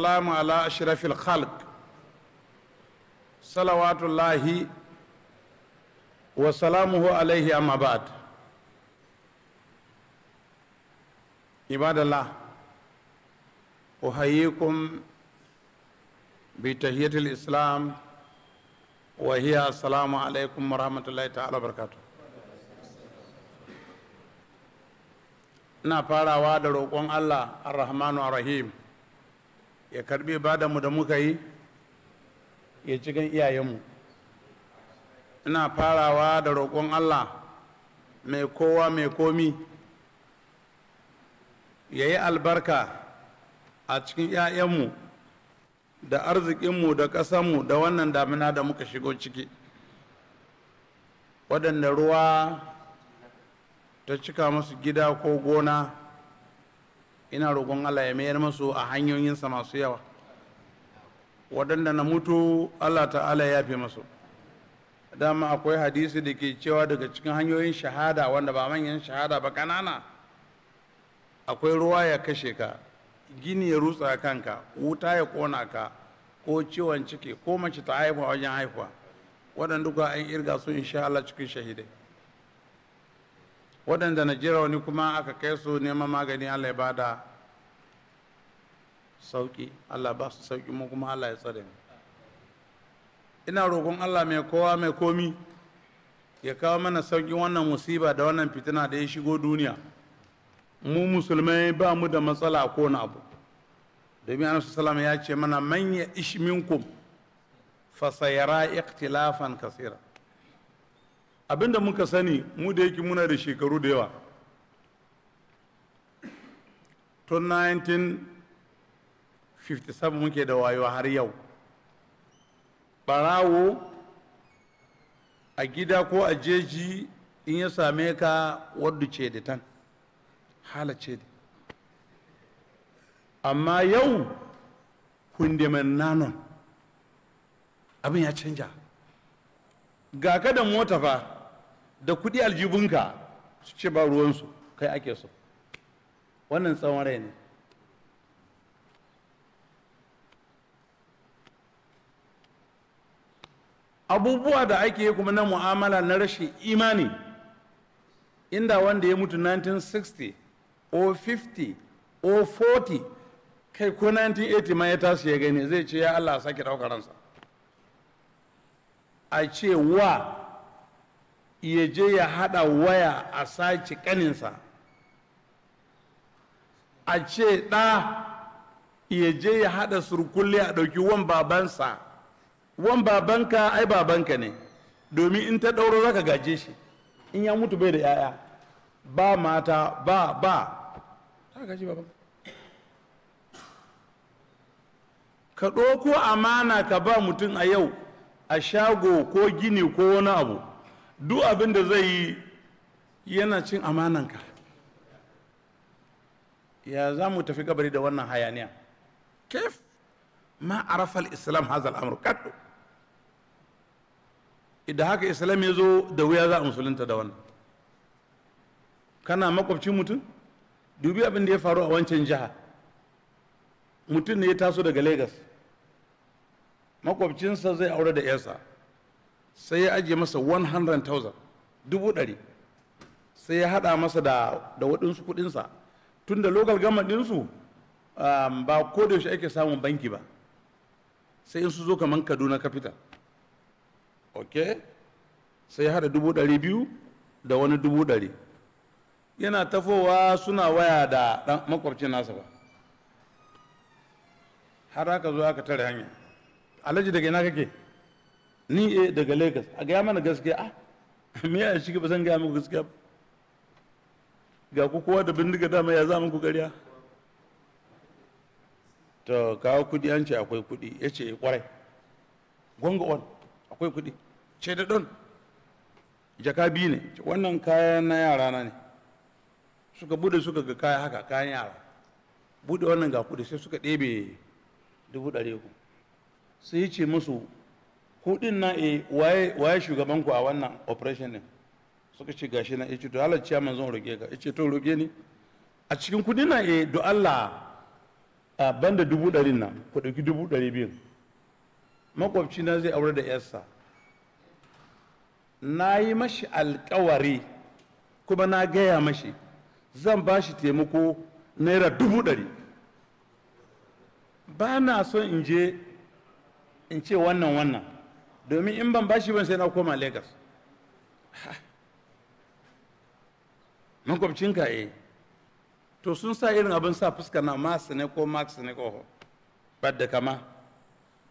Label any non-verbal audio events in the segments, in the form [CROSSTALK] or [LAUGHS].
salamu ala ashrafil khalq salawatullahi wa salamuhu alaihi amma ba'd ibadallah uhayyikum بتحية الإسلام وهي السلام عليكم ورحمة الله تعالى وبركاته ina farawa da roƙon Allah ar-Rahmanu ya karbi mu da muka yi ya ci gan iyayenmu ina farawa da roƙon allah mai kowa mai komi ya yi albarka a cikin 'ya'yanmu da arzikinmu da ƙasanmu da wannan damina da muka shigo ciki waɗanda ruwa ta cika musu gida ko gona ina roƙon allah ya mayar masu a hanyoyinsa masu yawa waɗanda na mutu allah ta'ala ya fi masu dama akwai hadisi da ke cewa daga cikin hanyoyin shahada wanda ba manyan shahada ba ƙanana akwai ruwa ya kashe ka gini ya rutsa kanka wuta ya kona ka ko ciwon ciki ko mace ta haifa wajen haifa waɗanda duka an irga su insha allah cikin shahidai waɗanda na jira wani kuma aka kai su neman magani allah ya bada sauki allah ba su sauki mu kuma allah ya tsare mu ina roƙon allah mai kowa mai komi ya kawo mana sauƙi wannan musiba da wannan fitina da ya shigo duniya mu musulmai ba mu da matsala ko na abu domin annabi ya ce mana manya ya ku minkum fasayara ikhtilafan kasira abinda muka sani mu da yake muna da shekaru da yawa tun 1957 muke da wayo har yau barawo a gida ko a jeji in ya same ka wadda ce da tan halace da amma yau kundiman nanon abin ya canja ga ka da mota fa da kuɗi aljibunka su ce ba ruwansu kai ake so wannan tsawon rai ne abubuwa da ake yi kuma na mu'amala na rashin imani inda wanda ya mutu 1960 o 50 o 40 kai ko 1980 ma ya tasu ya gani zai ce ya allah sake ɗaukar ransa a ce wa ya je ya hada waya a sace kaninsa a ce ɗa ya je ya hada surkulle a ɗauki wan babansa wan babanka ai babanka ne domin in ta ɗauro zaka gaje shi in ya mutu bai da yaya ba mata ba ba ka ɗauko amana ka ba mutum a yau a shago ko gini ko wani abu duk abin da zai yi yana cin amananka ya za mu tafi kabari da wannan hayaniya kef ma arafal islam hazal amur kaddo idan haka islam ya zo da wuya za a musulunta da wannan kana makwabcin mutum dubi abin da ya faru a wancan jiha mutum ne ya taso daga lagos makwabcinsa zai aure da 'yarsa sai ya ajiye masa 100,000 dubu ɗari sai ya haɗa masa da, da waɗansu kuɗinsa tun da local government ɗinsu um, ba ko da ake samun banki ba sai in su zo kamar kaduna capital ok sai ya haɗa dubu ɗari biyu da wani dubu ɗari yana tafowa suna waya da makwabcin nasa ba har aka zo aka tare hanya alhaji daga ina kake ni eh daga lagos a gaya mana gaskiya a ah, me ya shi ba san gaya muku gaskiya ga ku kowa da bindiga dama ya za muku gariya to kawo kudi an ce akwai kudi ya ce kwarai eh, gonga on akwai kudi ce da don jaka biyu ne wannan kayan na yara na ne suka bude suka ga kaya haka kayan yara bude wannan ga kudi sai suka ɗebe dubu ɗari uku sai ce musu kudin na e eh, waye waye shugaban ku a wannan operation din suka ce gashi na yace to Allah ciya manzon roke ka yace to roke ni a cikin kudin na e eh, do Allah a banda dubu ɗarin nan ku ɗauki dubu ɗari biyu makwabci na zai aure da yarsa na yi mashi alkawari kuma na gaya mashi zan ba shi taimako naira dubu ɗari ba na son in je in ce wannan wannan domin in ban bashi ban sai na koma lagos makwabcinka eh to sun sa irin abin sa fuska na mas ne ko max ne ko bad da kama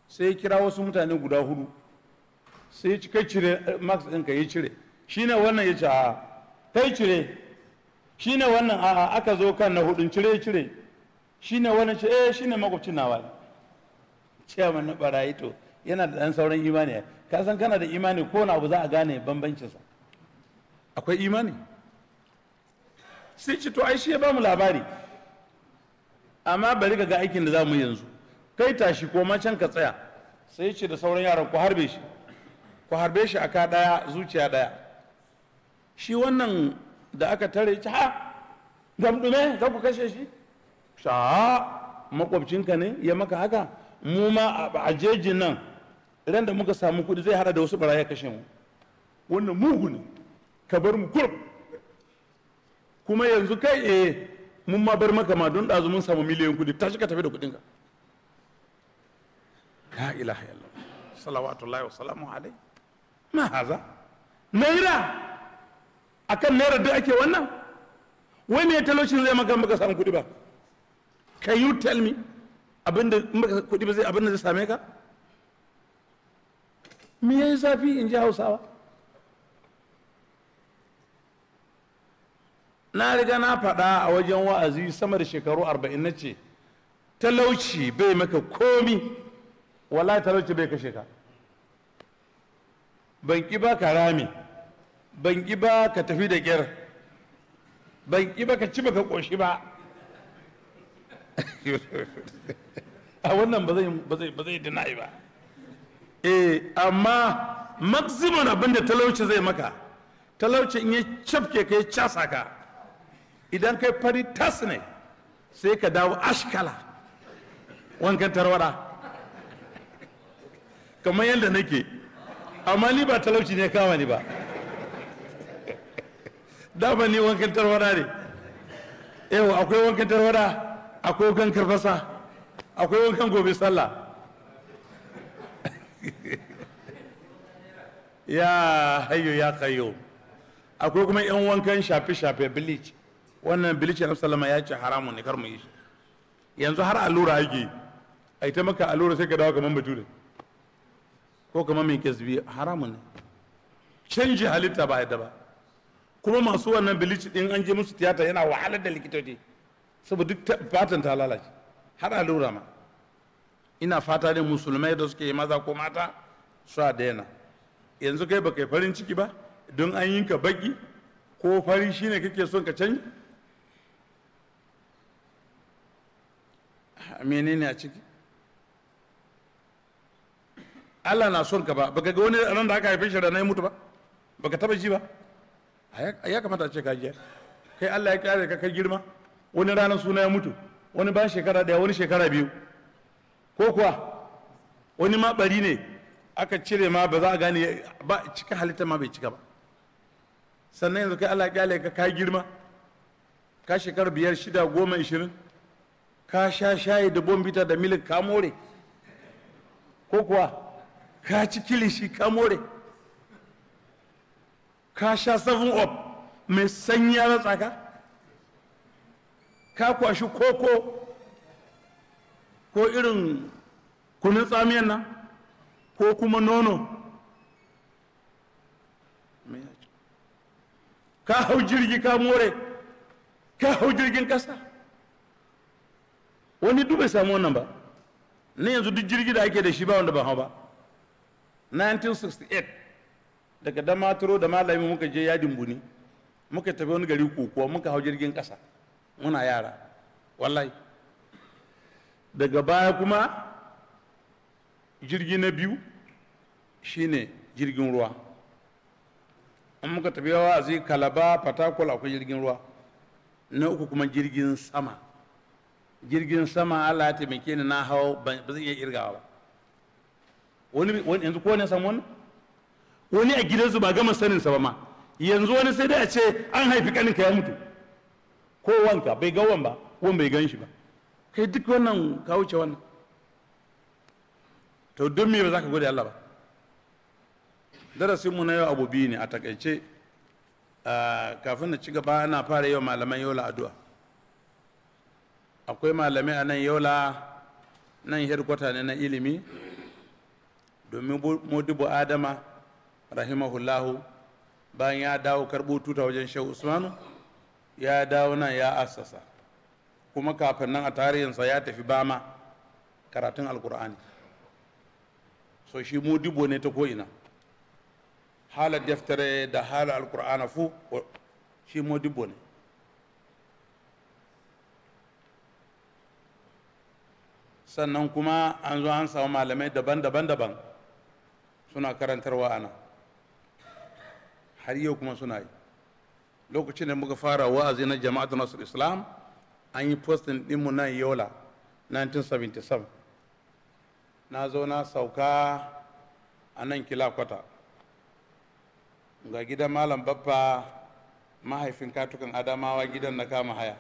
sai kira wasu mutane guda hudu sai kai cire eh, max din ka yi cire shine wannan ya ce a kai cire shine wannan a aka zo kan na hudun cire cire shine wannan ce eh shine makwabcin nawa ciyaman na barayi to yana da ɗan sauran imani ka san kana da imani ko na abu za a gane bambancinsa akwai imani sai ce to ai shi ya ba mu labari amma bari ga aikin da za mu yanzu kai tashi ko can ka tsaya sai ce da sauran yaran ku harbe shi ku harbe shi aka daya zuciya daya shi wannan da aka tare ci ha gamdume za ku kashe shi sha makwabcinka ne ya maka haka mu ma a jejin nan idan da muka samu kuɗi zai hada da wasu baraya kashe mu wannan mugu ne ka bar mu kurb kuma yanzu kai eh mun ma bar maka ma don ɗazu mun samu miliyan kuɗi tashi ka tafi da kuɗinka ka la ilaha illallah salawatullahi wa salamu alai ma haza naira akan naira duk ake wannan wai me talocin zai maka maka samu kuɗi ba can you tell me abinda kuɗi ba zai abinda zai same ka me yayi zafi in ji hausawa na riga na faɗa a wajen wa'azi sama da shekaru arba'in na ce talauci bai maka komi wala talauci bai kashe ka ban ƙi ba ka rami ban ƙi ba ka tafi da ƙyar ban ƙi ba ka ci ba ka ƙoshi ba [LAUGHS] a wannan ba zai ba eh amma maximum abinda da talauci zai maka talauci in ya cafke ka ya casa ka idan kai fari tas ne sai ka dawo ashkala wankan tarwara kamar yadda nake amma ni ba talauci ne kama ni ba dama ni wankan tarwara ne yau akwai wankan tarwara akwai wankan karfasa akwai wankan gobe sallah ya hayo ya kayo akwai kuma yan wankan shafe-shafe bleach wannan bleach na salama ya ce haramun ne kar mu yi shi yanzu har allura yake a ita maka allura sai ka dawo kamar bature ko kamar mai kesbi haramun ne canji halitta ba yadda ba kuma masu wannan bleach din an je musu tiyata yana wahalar da likitoci saboda duk fatan ta lalace har allura ma ina fata ne musulmai da suke maza ko mata su a daina yanzu kai ba kai farin ciki ba don an yi ka baki ko fari shine kake son ka canji ah, menene a ciki Allah na son ka ba baka ga wani ranar da aka haife shi da na mutu ba baka taba ji ba ya kamata a ce ka jiya kai Allah ya kare ka kai girma wani ranar suna ya mutu wani ba shekara daya wani shekara biyu ko kuwa wani ma bari ne aka cire ma ba za a gane ba cika halitta ma bai cika ba sannan yanzu kai Allah kyale ka ka girma ka shekaru biyar shida goma ishirin ka sha shayi da bombita da milik ka more ko kuwa ka ci kilishi ka more ka sha seven up mai sanyi ya ratsa ka ka kwashi koko ko irin kunin tsamiyan nan ko kuma nono ka hau jirgi ka more ka hau jirgin kasa wani duk bai samu wannan ba ni yanzu duk jirgi da ake da shi ba wanda ba hau ba 1968 daga damaturo da malami muka je yadin buni muka tafi wani gari kokowa muka hau jirgin kasa muna yara wallahi daga baya kuma jirgi na biyu shine jirgin ruwa an muka tafi yawa a zai kalaba fatakwal akwai jirgin ruwa na uku kuma jirgin sama jirgin sama ala ya taimake ni na hau ba zan iya irgawa ba wani yanzu ko ne san wani wani a gidansu ba gama sanin sa ba ma yanzu wani sai dai a ce an haifi kanin ka ya mutu ko wanka bai ga wan ba wan bai gan shi ba kai duk wannan ka wuce wannan to duk me ba za ka gode Allah ba darasin mu na yau abu biyu ne a takaice kafin na ci gaba ana fara yau malaman yola addu'a akwai malamai a nan yola nan hirkwata ne na ilimi domin modibu adama rahimahullahu bayan ya dawo karɓo tuta wajen shehu usmanu ya dawo nan ya assasa kuma kafin nan a tarihinsa ya tafi bama karatun alkur'ani so shi mu dubo ne ta ko'ina halar deftere da halar alkur'ana fu shi mu dubo ne sannan kuma an zo an samu malamai daban-daban daban suna karantarwa ana har yau kuma suna yi lokacin da muka fara wa'azi na jama'at nasar islam an yi postin dinmu nan yola 1977 na zo na sauka a nan kilakwata ga gidan malam babba mahaifin katukan adamawa gidan na kama haya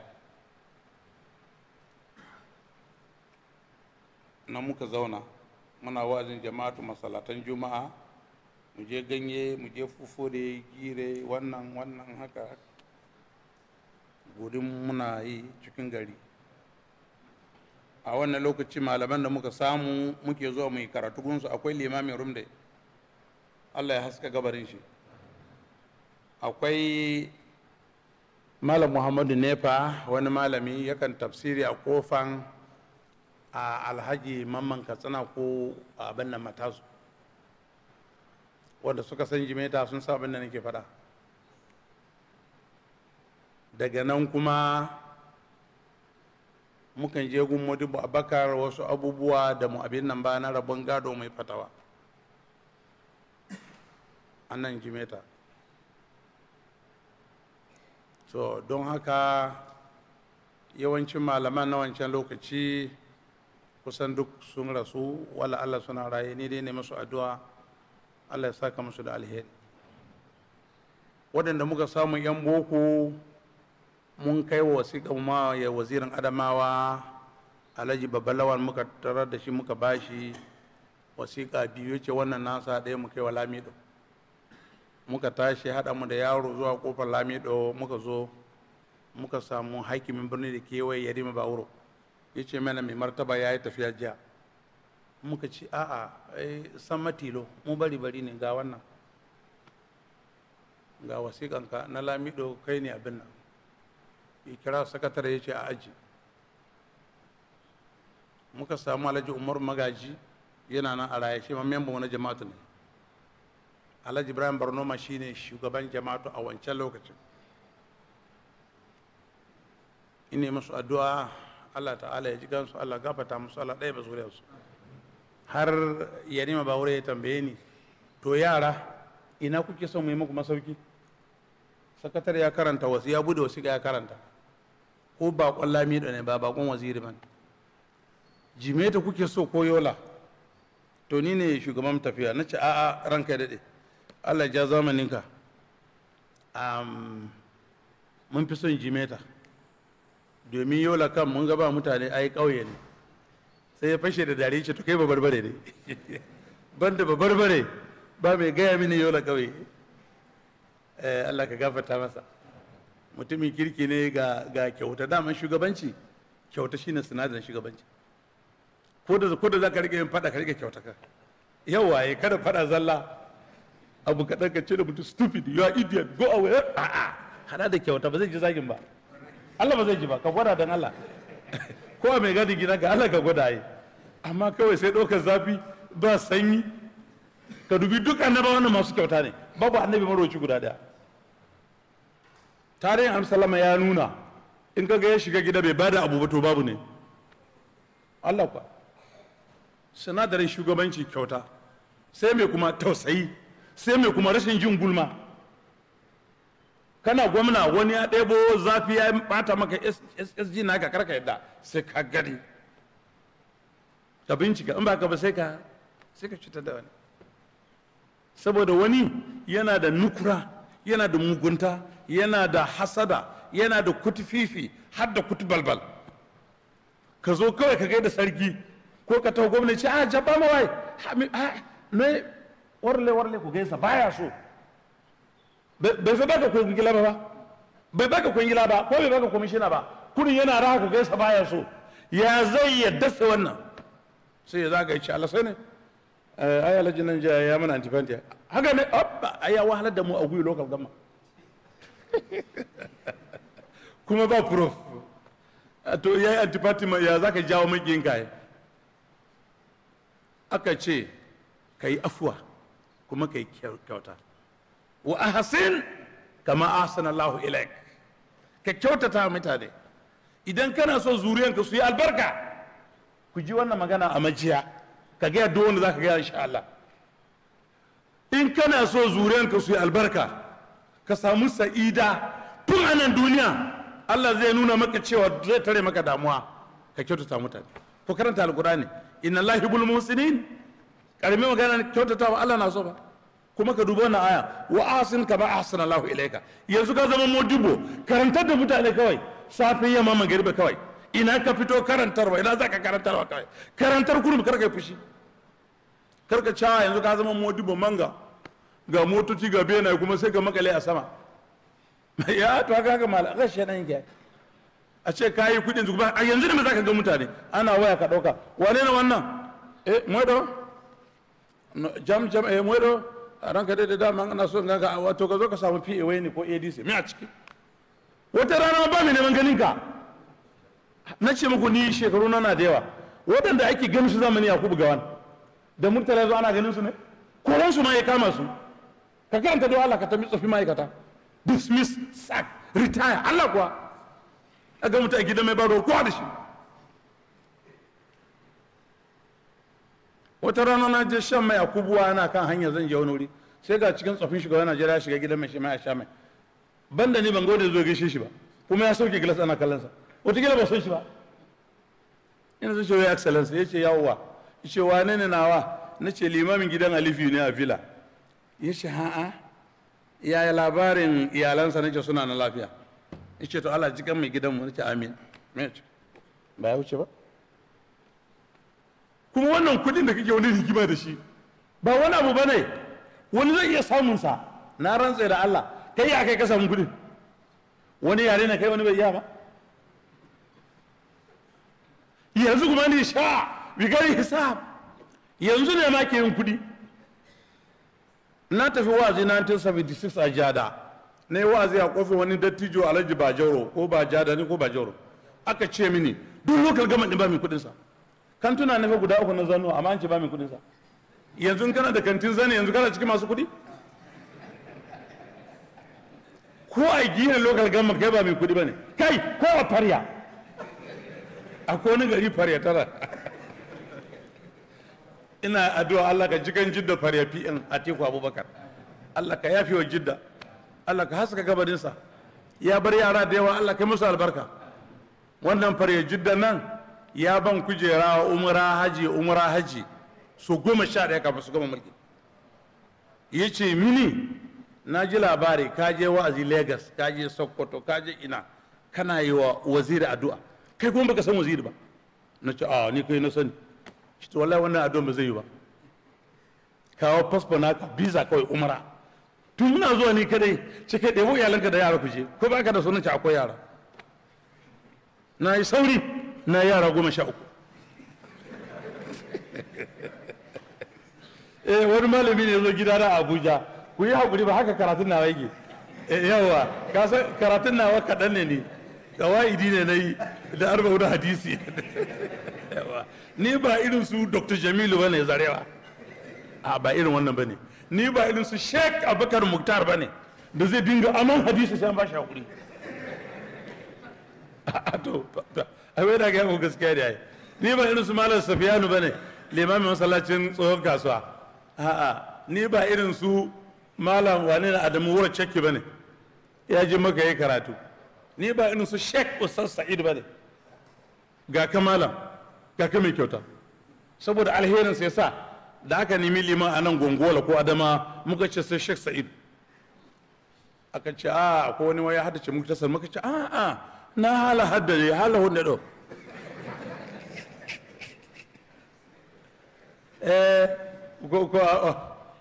na muka zauna muna wa'azin jama'atu masalatan juma'a mu je ganye mu je fufure gire wannan wannan haka gudun muna yi cikin gari a wannan lokaci malaman da muka samu muke zuwa mu yi karatu gunsu akwai limamin da allah ya haska gabarin shi akwai malam muhammadu nefa wani malami yakan tafsiri a kofan a alhaji mamman katsina ko abin nan matasu wanda suka san jimeta sun sa abin da nake faɗa daga nan kuma mukan je gun modibu abakar wasu abubuwa da mu abin nan ba na rabon gado mai fatawa annan jimeta so don haka yawancin malaman na wancan lokaci kusan duk sun rasu wala allah suna raye ni dai ne masu addu'a allah ya saka musu da alheri waɗanda muka samu 'yan boko mun kai wa wasiƙa kuma ya wazirin adamawa alhaji babbalawan muka tarar da shi muka bashi wasiƙa biyu ce wannan nasa ɗaya mu kai wa lamido muka tashi haɗa mu da yaro zuwa ƙofar lamido muka zo muka samu hakimin birni da kewaye ya rima bawuro ya ce mana mai martaba ya yi tafiya jiya muka ci a'a san matilo mu bari bari ne ga wannan ga wasiƙanka na lamido kai ne abin nan ya kira sakatare ya ce a aji muka samu alhaji umar magaji yana nan a raye shi ma memba wani jama'atu ne alhaji ibrahim barnoma shi ne shugaban jama'atu a wancan lokacin ina masu addu'a allah ta'ala ya ji gansu allah gafata musu allah ɗaya ba su. har ya nima ba ya tambaye ni to yara ina kuke son mu yi muku masauki sakatar ya karanta wasu ya bude wasu ya karanta ko bakon lamido ne ba bakon waziri ba jimeta kuke so ko yola to ni ne shugaban tafiya na ce a'a ranka daɗe allah ja zamaninka mun fi son jimeta domin yola kan mun gaba mutane yi ƙauye ne sai ya fashe da dare ce to kai ba barbare ne [LAUGHS] ban ba barbare ba mai gaya mini yola ƙauye eh, allah ka gafarta masa mutumin kirki ne ga kyauta daman shugabanci kyauta shine sinadarin shugabanci ko da ko da za ka rike yin fada ka rike kyauta ka yawa ya eh, kada fada zalla abu kaɗan ka ce da mutum stupid you are idiot go away a'a hada da kyauta ba zai ji zagin ba Allah ba zai ji ba ka gwada don Allah [LAUGHS] ko mai gadi gina ga Allah ka gwada yi amma kawai sai ɗaukar zafi ba sanyi ka dubi duk annabawan masu kyauta ne babu annabi maroci guda daya tarihin amsalama ya nuna in ga ya shiga gida bai bada abu ba to babu ne Allah kuwa sinadarin shugabanci kyauta sai mai kuma tausayi sai mai kuma rashin jin gulma kana gwamna wani ya ɗebo zafi ya bata maka ssg ka karka yadda sai ka gani ka bincika in ba ka ba sai ka sai ka cutar da wani saboda wani yana da nukura yana da mugunta yana da hasada yana da kutufifi har da kutubalbal ka zo kawai ka gaida sarki ko ka gwamna gwamnati a ah, jaba mawai ne warle warle ku gaisa baya so bai fi baka gila ba bai baka kwangila ba ko bai baka kwamishina ba kudin yana raha ku gaisa baya so ya zai ya dasa wannan sai ya zaga ya ci alasai ne eh, yi alhaji nan ya mana antifantiya haka ne ai ya wahalar da mu a gwiwa lokal gama kuma ba prof to ya yi antipati ya za ka jawo maƙiyin gaye aka ce ka yi afuwa kuma ka yi kyauta wa a hasin kama sanallahu ilaik ka kyautata mutane idan kana so ka su yi albarka ku ji wannan magana a majiya ka gaya duk wanda za ka gaya insha Allah in kana so ka su yi albarka ka samu sa'ida tun a nan duniya Allah zai nuna maka cewa zai tare maka damuwa ka kyautata mutane ko karanta alkurani inna lahi bul musinin karmi magana wa Allah na so ba kuma ka duba wannan aya wa asin kama ahsana Allahu ilaika yanzu ka zama modibo karantar da mutane kawai safi yamma magariba kawai ina ka fito karantarwa ina ka karantarwa kawai karantar kurum karka fushi karka cewa ah, yanzu ka zama modibo manga ga motoci ga benaye kuma sai ka makale a sama [LAUGHS] ya to haka haka mala rashin nan ke a ce ka yi kuɗin zuba a yanzu ne za ka ga mutane ana waya ka ɗauka wane ne wannan eh mwedo jam jam eh mwedo ran ranka daidai dama ana son ga a wato ka zo ka samu PA ne ko ADC me a ciki wata rana ba mai neman ganin ka na ce muku ni shekaru na na da yawa waɗanda ake ganin su zamani Yakubu Gawan da Murtala zo ana ganin su ne koran su ma ya kama su ka karanta don Allah ka tambi tsofi ma'aikata dismiss sack retire Allah kuwa a ga mutum a gidan mai baro kowa da shi wata rana na je shan mai a kubuwa na kan hanya zan je wani wuri sai ga cikin tsofin shugaban Najeriya ya shiga gidan mai shi mai a sha mai Ban da ni ban gode zo gaishe shi ba kuma ya sauke gilas ana kallon sa wataƙila ba san shi ba ina zan ce wa excellence ya ce yawwa ya ce wane ne nawa na ce limamin gidan Alifi ne a villa ya ce ha'a yaya labarin iyalansa nake suna na lafiya ya ce to Allah jikan mai gidanmu nake amin ba ya wuce ba kuma wannan kudin da kake wani rigima da shi ba wani abu ba ne wani zai iya samunsa na rantse da Allah kai ya kai ka samu kudin wani yare na kai wani bai iya ba yanzu kuma ni sha bigari hisab yanzu ne ma ke yin kudi na tafi wazi 1976 a jada na yi wazi a kofin wani dattijo alhaji bajoro ko ba jada ne ko bajoro aka ce mini duk lokal gama ba mai kudin sa kantuna na guda uku na zano amma an ce ba mai kudin sa yanzu kana da kantin zane yanzu kana cikin masu kudi ko a gina lokal gama kai ba mai kudi ba ne kai ko a farya akwai wani gari farya tara ina addu'a Allah ka jigan jidda faryafi in Atiku Abubakar Allah ka yafi wa jidda Allah ka haska gabarinsa ya bar yara da yawa Allah ka musu albarka wannan fariya jidda nan ya ban kujera wa umra haji umra haji su goma sha ɗaya kafin su goma mulki ya ce mini na ji labari ka je wa'azi Legas ka je Sokoto ka je ina kana yi wa waziri addu'a kai kuma baka san waziri ba na ce a ah, ni kai na sani shi to wallahi wannan adon ba zai yi ba kawo fasfo naka biza kawai umara tun muna zuwa ni kadai ce kai ɗebo iyalanka da yara ku je ko baka da sunan ci akwai yara na yi sauri na yara goma sha uku [LAUGHS] eh wani malami ne zo gida na abuja ku yi haƙuri ba haka karatun nawa yake eh, yawa kasan karatun nawa kaɗan ne ne da wa'idi ne na yi da arba'u da hadisi [LAUGHS] yawa ni ba irin su dr jamilu ba ne zarewa a ba irin wannan ba ne ni ba irin su sheik abubakar muktar ba ne da zai dinga aman hadisi sai an ba shi hakuri [LAUGHS] a to a wai da ga yawon gaskiya da yi ni ba irin su malar safiyanu ba ne limamin masallacin tsohon kasuwa a'a ni ba irin su malam wani na adamu wura cakki ba ne ya ji maka yi karatu ni ba irin su sheik usas sa'id ba ne ga kamalan ga mai kyauta saboda alherin sai sa da aka nemi liman a nan gongola ko adama muka ce sai sheikh sa'id aka ce a ah, ko wani waya hada ce muka tasar muka ce a ah, a ah, na hala hada ne hala hunde do [LAUGHS] eh ko ko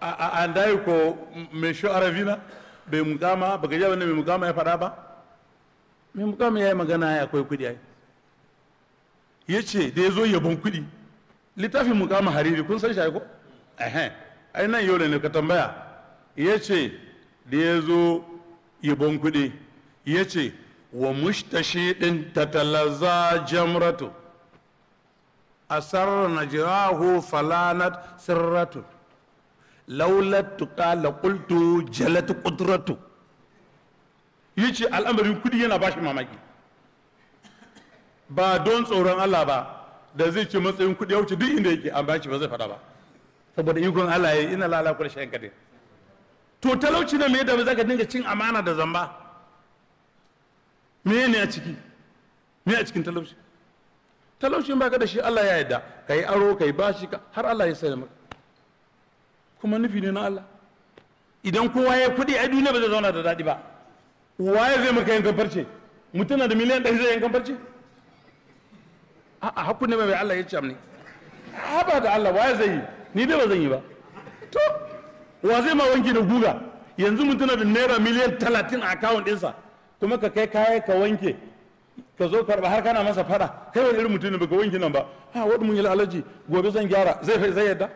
a andai ko me sho aravina be mugama baka ji ne me mugama ya fada ba me mugama ya magana ya akwai kudi ai ya ce da ya zo yabon kuɗi littafin mukama hariri kun san shi ko ehem ai nan yau ne ka tambaya ya ce da ya zo yabon kuɗi ya ce wa mushtashi ɗin tatalaza jamratu asarra jirahu falanat sirratu laulat tuqala jalatu jalat ya ce al'amarin kuɗi yana bashi mamaki ba don tsoron Allah ba da zai ci matsayin kuɗi ya wuce duk inda yake amma shi ba zai faɗa ba saboda ikon Allah ya yi ina lalata kula shayin kadin to talauci na me da ba zaka dinga cin amana da zamba me ne a ciki me a cikin talauci talauci ba baka da shi Allah ya yarda kai aro kai bashi ka har Allah ya sai maka kuma nufi ne na Allah idan kowa ya kuɗi a duniya ba zai zauna da daɗi ba waye zai maka yankan farce mutum na da miliyan ɗari zai yankan farce a'a hakun ne mai Allah ya ce a haba da Allah waye zai yi ni ne ba zan yi ba to wa zai ma wanki da guga yanzu mun tana da naira miliyan talatin a akawun sa kuma ka kai kaya ka wanke ka zo karba har kana masa fada kai wani irin mutum ne baka wanki nan ba ha wani mun yi alaji gobe zan gyara zai zai yadda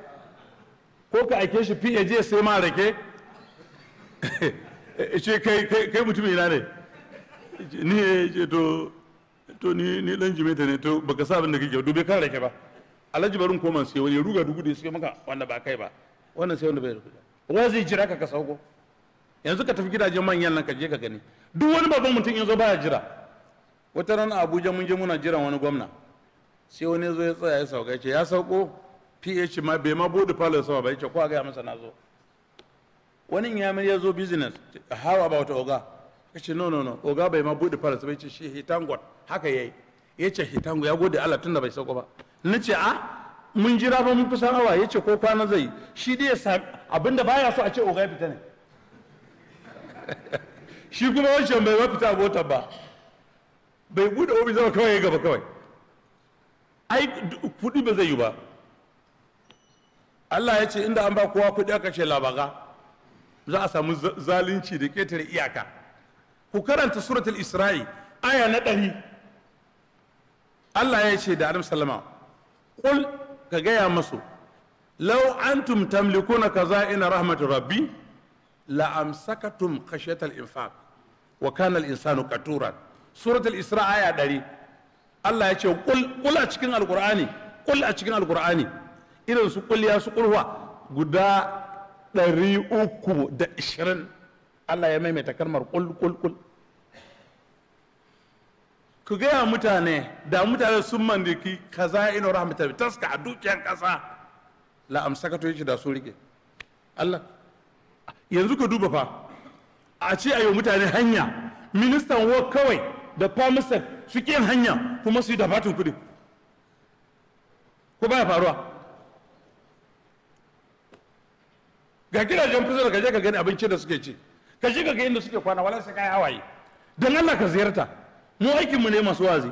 ko ka aike shi PAJ sai ma rake ce [LAUGHS] eh, eh, kai kai mutum ina ne ni eh, to to ni ni dan ta ne to baka sa abin da kike dube kan rake ba alhaji barin koma sai wani ruga dugu da suke maka wanda ba kai ba wannan sai wanda bai ruga wai zai jira ka ka sauko yanzu ka tafi gidajen manyan nan ka je ka gani duk wani babban mutum yanzu baya jira wata rana abuja mun je muna jiran wani gwamna sai wani zo ya tsaya ya sauka ce ya sauko ph ma bai ma bude palo sama ba ya ce ko a gaya masa na zo wani ya zo business how about oga ce no no no oga bai ma bude fara bai ce shi hitangon haka yayi ce hitangon ya gode Allah tunda bai sauko ba ce a ah, mun jira ba mun kusan awa ce ko kwana zai shi dai ya abinda baya so a ce oga fita ne [LAUGHS] shi kuma wancan bai fita abotar ba bai bude obi zama kawai gaba kawai ai kudi ba zai yi ba Allah ya ce inda an ba kowa kudi aka ce labaga za a samu zalunci da ketare iyaka ku karanta suratul isra'i aya na ɗari Allah ya ce da Adam sallama kul ka gaya masu lau antum tamlikuna kaza ina rahmatu rabbi la amsakatum khashyatal infaq wa kana al insanu qaturan suratul isra aya ɗari Allah ya ce kul a cikin alqur'ani kul a cikin alqur'ani irin su kul ya su kulwa guda ɗari uku da ishirin Allah ya maimaita kalmar kul kul kul ku gaya mutane da mutane sun mandiki kaza ina rahmata taska a dukiyar kasa la amsaka to yake da su rike Allah yanzu ka duba fa a ce a yi mutane hanya ministan wo kawai da famisar su yin hanya kuma su yi da fatin kuɗi ko baya faruwa ga gidajen fusa ka je ka gani abinci da suke ci ka shi ga inda suke kwana wala sai kai hawaye dan Allah ka ziyarta mu aikin mu ne masu wazi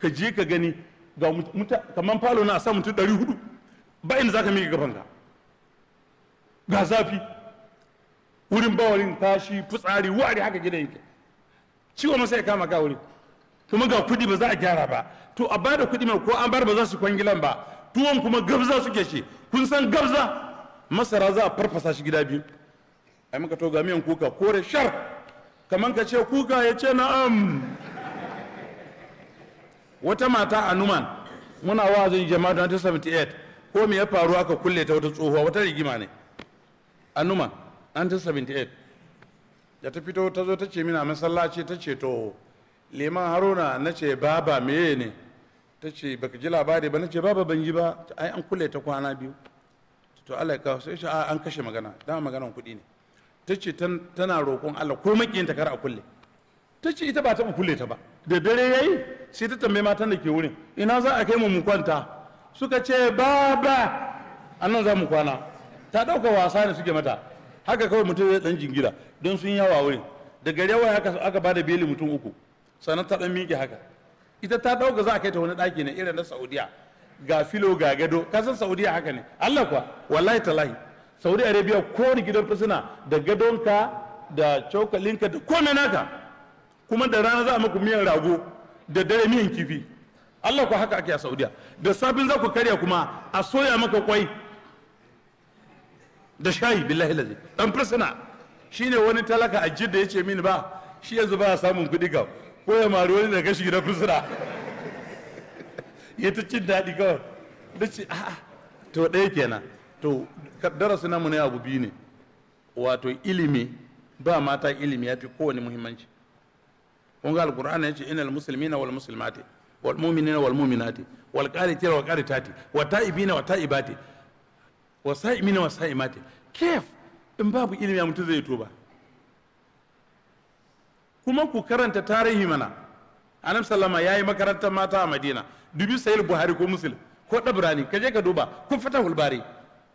ka je ka gani ga kaman falo na sa mutum 400 ba inda zaka miƙe gaban ka ga zafi wurin bawarin tashi fitsari wari haka gidan yake ciwo masa ya kama ga wuri kuma ga kudi ba za a gyara ba to a bada kudi mai ko an bar ba za su kwangilan ba tuwon kuma gabza suke shi kun san gabza masara za a farfasa shi gida biyu ai muka to ga miyan kuka kore shar Kamar ka ce kuka ya ce na'am wata mata a numan muna wa'azin jama'a 1978 ko me ya faru aka kulle ta wata tsohuwa wata rigima ne a numan 1978 da ta fito ta zo ta ce mina masallaci ta ce to liman haruna na ce baba meye ne ta ce baka ji labari ba na ce baba ban yi ba ai an kulle ta kwana biyu to Allah ya kawo sai shi an kashe magana dama maganan kuɗi ne ta ce tana roƙon Allah ko makiyinta kar a kulle ta ce ita ba taɓa kulle ta ba da dare ya yi sai ta tambaye matan da ke wurin ina za a kai mu mu kwanta suka ce baba a nan za mu kwana ta ɗauka wasa ne suke mata haka kawai mutum ya ɗan jingira don sun yi yawa wurin da gari yawa haka aka ba da beli mutum uku sannan ta ɗan miƙe haka ita ta ɗauka za a kai ta wani ɗaki na irin na saudiya ga filo ga gado kasan saudiya haka ne allah kuwa wallahi talahi saudi arabia kowane gidan fursuna da gadonka da cokalinka da kome naka kuma da rana za a maku miyan rago da dare miyan kifi allah kuwa haka ake a saudiya da sabin za ku karya kuma a soya maka kwai da shayi billahi lazi dan fursuna shine wani talaka a jidda ya ce mini ba shi yanzu ba a samun kuɗi ga ko ya mari wani daga shi gidan fursuna ya ta cin daɗi kawai da ce a to ɗaya kenan to darasi namu ne abu biyu ne wato ilimi ba mata ilimi ya fi kowane muhimmanci kun ga alkur'ani ya ce ina musulmi na wal muslimati wal mu'minina wal mu'minati wal qanitina wal tati wa ta'ibina wa ta'ibati wa sa'imina wa sa'imati kef in babu ilimi mutum zai ba. kuma ku karanta tarihi mana anam sallama yayi makarantar mata a madina dubi sayil buhari ko muslim ko dabrani ka je ka duba ko fatahul bari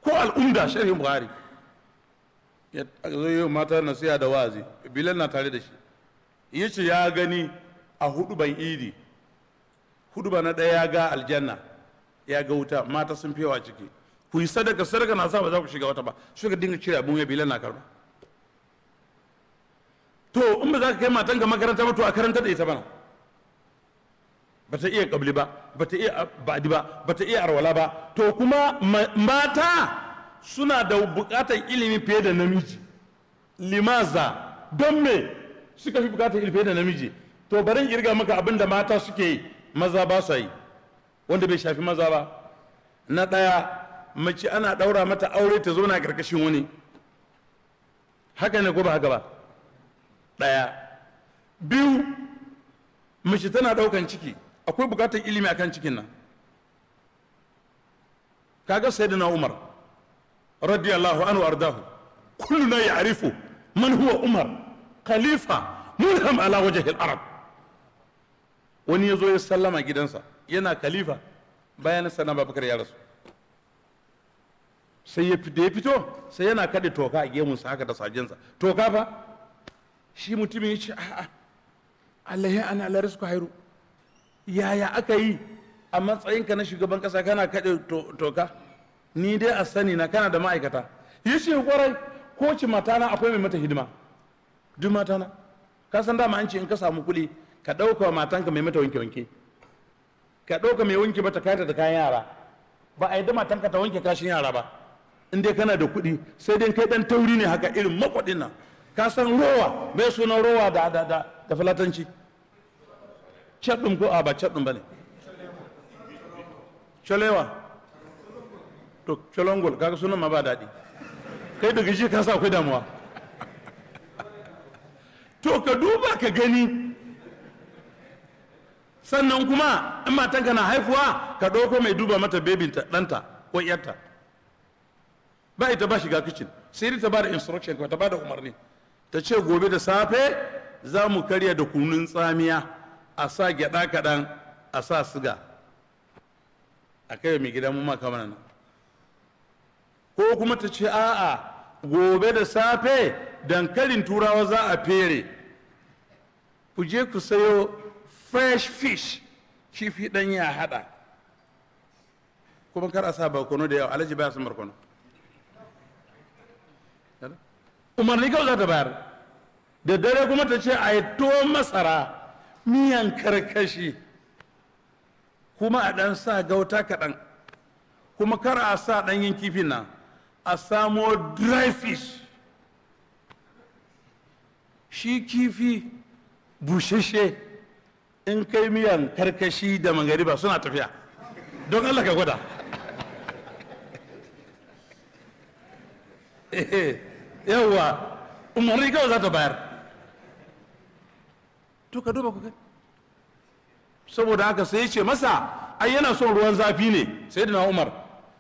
ko al'umda sharhin buhari ya zo yi mata nasiha da wazi bilal na tare da shi yace ya gani a huduban idi huduba na daya ya ga aljanna ya ga wuta mata sun fewa ciki ku yi sadaka sadaka na sa ba za ku shiga wata ba ka dinga cire abun ya bilal na karba to in ba za ka kai matanka makaranta ba to a karanta da ita bana ba ta iya kabli ba ba ta iya ba'adi ba ba ta iya arwala ba to kuma mata suna da bukatar ilimi fiye da namiji limaza don me suka fi bukatar ilimi fiye da namiji to barin kirga maka abin da mata suke maza ba su yi wanda bai shafi maza ba na ɗaya mace ana ɗaura mata aure ta zo na ƙarƙashin wani haka ne ko ba haka ba ɗaya biyu mace tana ɗaukan ciki akwai bukatar ilimi akan cikin nan kaga sayyidina umar radiyallahu anhu ardahu na ya'rifu man huwa umar khalifa mulham ala wajhi al-arab wani yazo ya sallama gidansa yana khalifa bayan sanan babakar ya rasu sai ya da ya fito sai yana kade toka a gemunsa haka da sajensa toka fa shi mutumin ya ce a'a Allah ya ana Allah hairu yaya aka yi a matsayinka na shugaban kasa kana kaɗe toka ni dai a sani na kana da ma'aikata yi shi kwarai ko ci matana akwai mai mata hidima duk matana ka san dama an ce in ka samu kuɗi ka ɗauka wa matanka mai mata wanke-wanke ka ɗauka mai wanke mata kayanta da kayan yara ba a yi da matanka ta wanke kashin yara ba in dai kana da kuɗi sai dai kai ɗan tauri ne haka irin makwaɗin nan ka san rowa mai sunan rowa da da da da falatanci caɗin ko a ba caɗin bane cholewa to cholongol kaga sunan ma ba daɗi kai daga shi ka sa akwai damuwa to ka duba ka gani sannan kuma in matanka na haifuwa ka ɗauko mai duba mata bebinta ɗanta ko ƴarta ba ita ba shiga kicin sai ta ba da instruction ta ba da umarni ta ce gobe da safe za mu karya da kunun tsamiya a sa gyada kaɗan a sa siga a kai mai gida mu maka mana ko kuma ta ce a'a gobe da safe dankalin turawa za a fere ku je ku sayo fresh fish kifi ɗan ya haɗa kuma kar a sa barkono da yawa alaji baya son barkono umarni kawai za ta bayar da dare kuma ta ce a yi tuwon masara miyan karkashi kuma a ɗan sa gauta kaɗan kuma kar a sa ɗanyen kifin nan a samo dry fish shi kifi bushashe in kai miyan karkashi da mangariba suna tafiya don allah ka gwada [LAUGHS] eh, yawwa umarni kawai za ta bayar to ka duba ku saboda haka sai ya ce masa ai yana son ruwan zafi ne sai da umar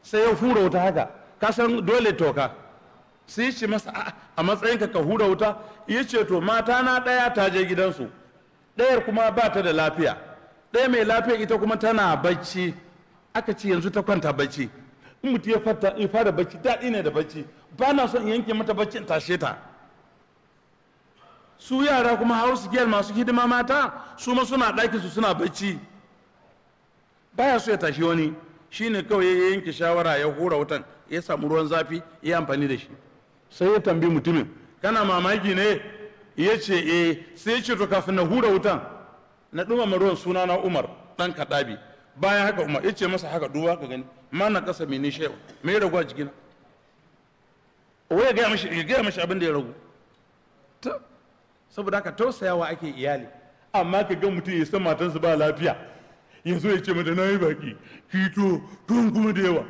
sai ya hura wuta haka ka san dole toka sai ya ce masa a matsayinka ka hura wuta ya ce to mata na ɗaya ta je gidansu ɗayar kuma ba ta da lafiya ɗaya mai lafiya ita kuma tana bacci aka ce yanzu ta kwanta bacci in mutum ya fara bacci daɗi ne da bacci ba na son yanke mata bacci in tashe ta su yara kuma house girl masu hidima mata su ma suna ɗakinsu suna bacci baya su ya tashi wani shi ne kawai ya yanke shawara ya hura wutan ya samu ruwan zafi ya amfani da shi sai ya tambi mutumin kana mamaki ne ya ce e sai ya ce to kafin na hura wutan na ɗumama ruwan suna na umar ɗan kaɗabi bayan haka umar ya ce masa haka duba ka gani ma na ƙasa mai nishe mai ragu a jikina wai ya gaya mashi abin da ya ragu saboda haka tausayawa ake iyali amma ka ga mutum ya san matansa ba lafiya ya zo ya ce mata na yi baki kito tun kuma da yawa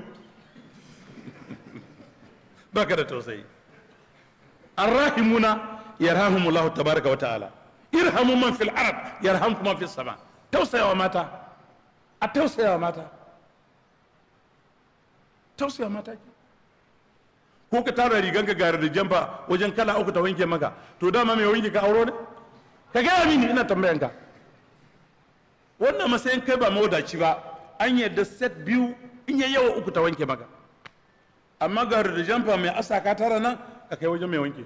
[LAUGHS] ba ka da tausayi arrahimuna yarhamumullahu tabaraka wa ta'ala irhamu man fil arab yarhamkum man fis sama tausayawa mata a tausayawa mata tausayawa mata ke ko ka tara rigan ka gare da jamba wajen kala uku ta wanke maka to dama mai wanke ka auro ne ka gaya mini ina tambayan ka wannan matsayin kai ba mawadaci ba an yarda set biyu in ya yawa uku ta wanke maka amma gara da jamfa mai asa ka tara nan ka kai wajen mai wanke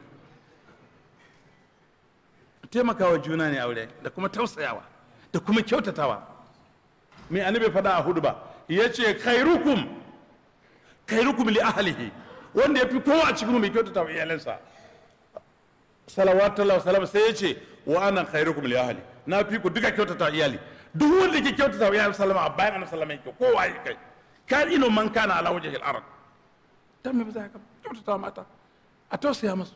taimakawa juna ne aure da kuma tausayawa da kuma kyautatawa mai annabi faɗa a hudu ba ya ce kairukum, kairukum li ahlihi wanda ya fi kowa a cikin mai kyautata wa iyalansa salawatullahi wasallam sai ya ce wa ana khairukum li ahli na fi ku duka kyautata iyali duk wanda ke kyautata wa iyalan sallama a bayan annabi sallama yake kowa ya kai kan ino man kana ala wajhil arad dan me ba za ka kyautata mata a tausaya musu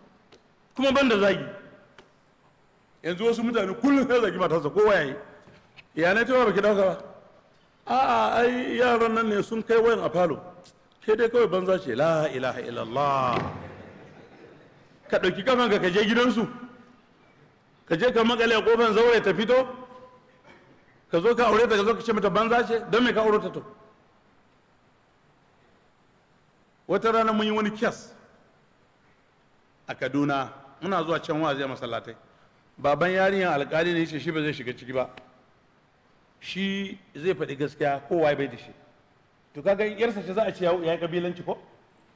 kuma banda zagi yanzu wasu mutane kullum sai zagi matarsa kowa yayi iyalai ta ba ki dauka ba a'a ai yaran nan ne sun kai wayan a falo sai dai kawai banza ce la ilaha illallah ka ɗauki kafanka ka je gidansu ka je ka makale a kofan zaure ta fito ka zo ka aure ta ka zo ka ce mata banza ce don me ka aure ta to wata rana mun yi wani kyas a kaduna muna zuwa can wa zai masallatai baban yarinyar alkali ne ya ce shi ba zai shiga ciki ba shi zai faɗi gaskiya kowa bai da shi to kaga yarsa ce za a ce ya yi kabilanci ko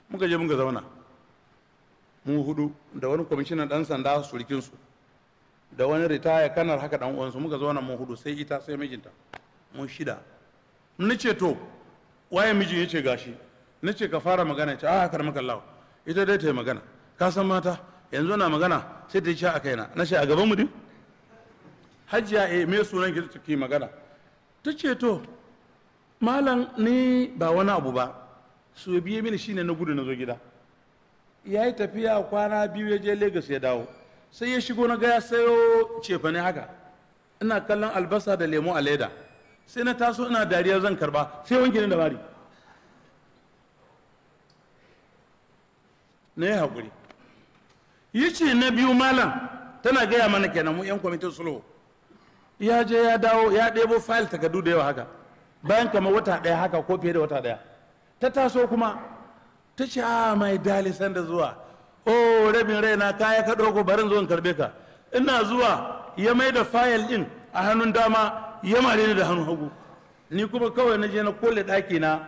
muka je muka zauna mu hudu da wani kwamishinan dan sanda su da wani ritaya kanar haka dan uwansu muka zauna mu hudu sai ita sai mijinta mun shida ni ce to waye mijin ya ce gashi ni ce ka fara magana ce a ah, kar maka ita dai ta yi magana ka san mata yanzu na magana sai ta yi sha a kaina na sha a gaban mu din hajiya eh me sunan ki ki magana ta ce to malam ni ba wani abu ba su biye mini shine na gudu na zo gida ya yi tafiya kwana biyu ya je Legas ya dawo sai ya shigo na gaya sayo cefane haka ina kallon albasa da lemo a leda sai na taso ina dariya zan karba sai wanke ni da bari na yi haƙuri yi ce na biyu malam tana gaya mana kenan mu 'yan kwamitin sulhu ya je ya dawo ya ɗebo fayil takardu da yawa haka bayan kamar wata ɗaya haka ko fiye da wata ɗaya ta taso kuma ta ce a ah, mai dalisan da zuwa o oh, rabin raina kaya ka ɗauko barin zuwan karbe ka ina zuwa ya mai da fayil ɗin a hannun dama ya mare ni da hannun hagu ni kuma kawai na je na kole ɗaki na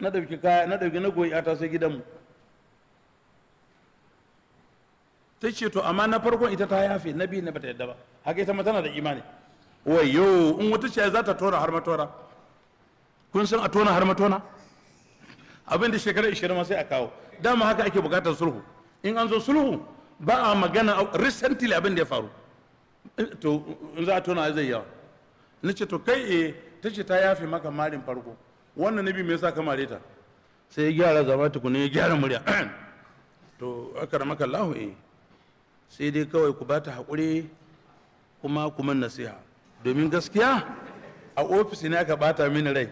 na ɗauki kaya na ɗauki na goyi a taso gidanmu ta ce to amma na farkon ita ta yafe na biyu ne bata yadda ba haka ita ma tana da imani wayo in wata ce za ta tora har matora kun san a tona har matona abin da shekara 20 ma sai a kawo dama haka ake bukatar sulhu in an zo sulhu ba a magana recently abin da ya faru eh, to in za a tona zai yawa na ce to kai e ta ce ta yafe maka marin farko wannan nabi me yasa ka mare ta sai ya gyara zama tukuna ya gyara murya [CLEARS THROAT] to aka ramaka lahu eh sai dai kawai ku bata haƙuri kuma kuma nasiha domin gaskiya a ofis ne aka bata mini rai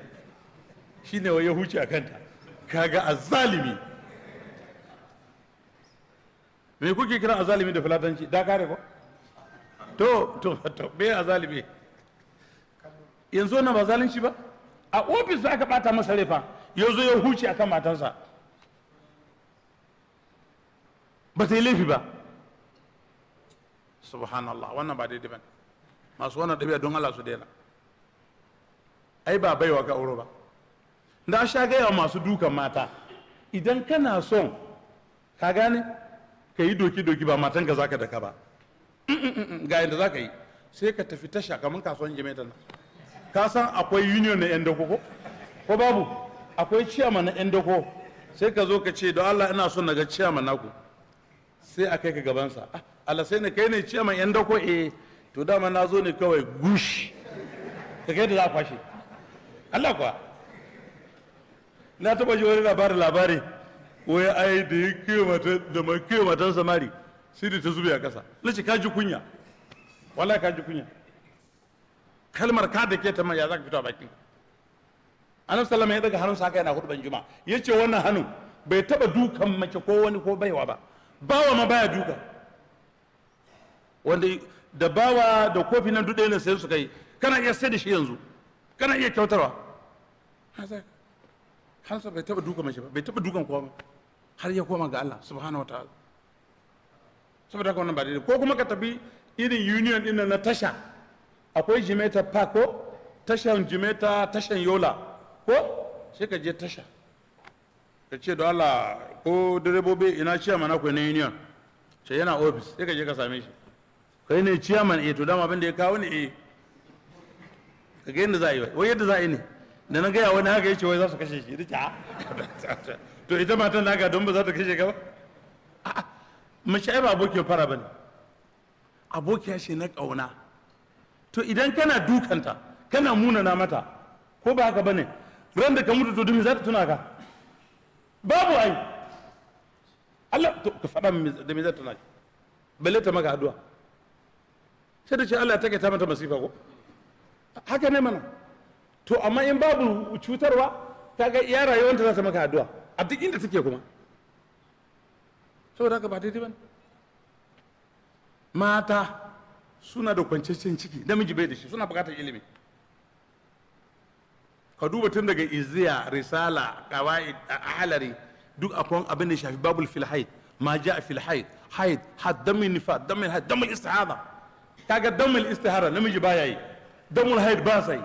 shine wai ya huce a kanta kaga azzalimi me kuke kira zalimi da fulatanci da kare ko to to to me zalimi. yanzu wannan ba zalunci ba a ofis aka bata masa refa yanzu ya huce akan matansa ba ta yi laifi ba subhanallah wannan ba daidai ba masu wannan ɗabi'a don Allah su daina ai ba baiwa ka auro ba da sha gaya masu dukan mata idan kana son ka gane ka yi doki-doki ba matan ka zaka daka ba ga yadda za ka yi sai ka tafi tasha kamar kasuwan jami'a nan ka san akwai union na yan dako ko babu akwai ciyama na yan dako sai ka zo ka ce don allah ina son na ga ciyama naku sai a kai ka gabansa ah, allah sai ne kai ne ciyaman yan dako eh to dama na zo ne kawai gushi ka kai da za a kwashe allah kuwa na taba ji wani labarin labari wai ai da ya da mai kiyo matan samari sai da ta zube a ƙasa lace ka ji kunya wala ka ji kunya kalmar ka da ke ta ya za ka fito a bakin annabi sallama ya daga hannun sa haka yana hudban juma ce wannan hannu bai taba dukan mace ko wani ko baiwa ba bawa ma baya duka wanda da bawa da kofi nan duk ɗaya ne sai su kai kana iya sai da shi yanzu kana iya kyautarwa hansa bai taba duka mace ba bai taba dukan kowa har ya koma ga Allah subhanahu wataala saboda haka wannan ba daidai ko kuma ka tafi irin union din na tasha akwai jimeta park ko tashan jimeta tashan yola ko sai ka je tasha ka ce da Allah ko direbobi ina ciya mana ku na union ce yana office sai ka je ka same shi kai ne ciyaman eh to dama abin da ya kawo ne eh ka ga yadda za a yi wai yadda za a yi ne da na gaya wani haka yace wai za su kashe shi rita ah. [LAUGHS] to ita matan naka don ba za ta kashe ka ba a'a mace ai ba ya fara bane abokiya ce na kauna to idan kana dukanta kana munana mata ko ba haka bane ran da ka mutu to dumi za ta tuna ka babu ai Allah to ka faɗa da me za ta tuna ki balle ta maka addu'a sai da ce Allah ya take ta mata masifa ko haka ne mana to amma in babu cutarwa kaga iya rayuwarta za ta maka addu'a a duk inda take kuma saboda haka ba daidai bane mata suna da kwanciyar ciki namiji bai da shi suna bukatar ilimi ka duba tun daga izziya risala kawai ahalari duk akwai abin da shafi babul fil haid ma ja fil haid haid had damin nifa damin haid damin istihada kaga damin istihara namiji baya yi damin haid ba sai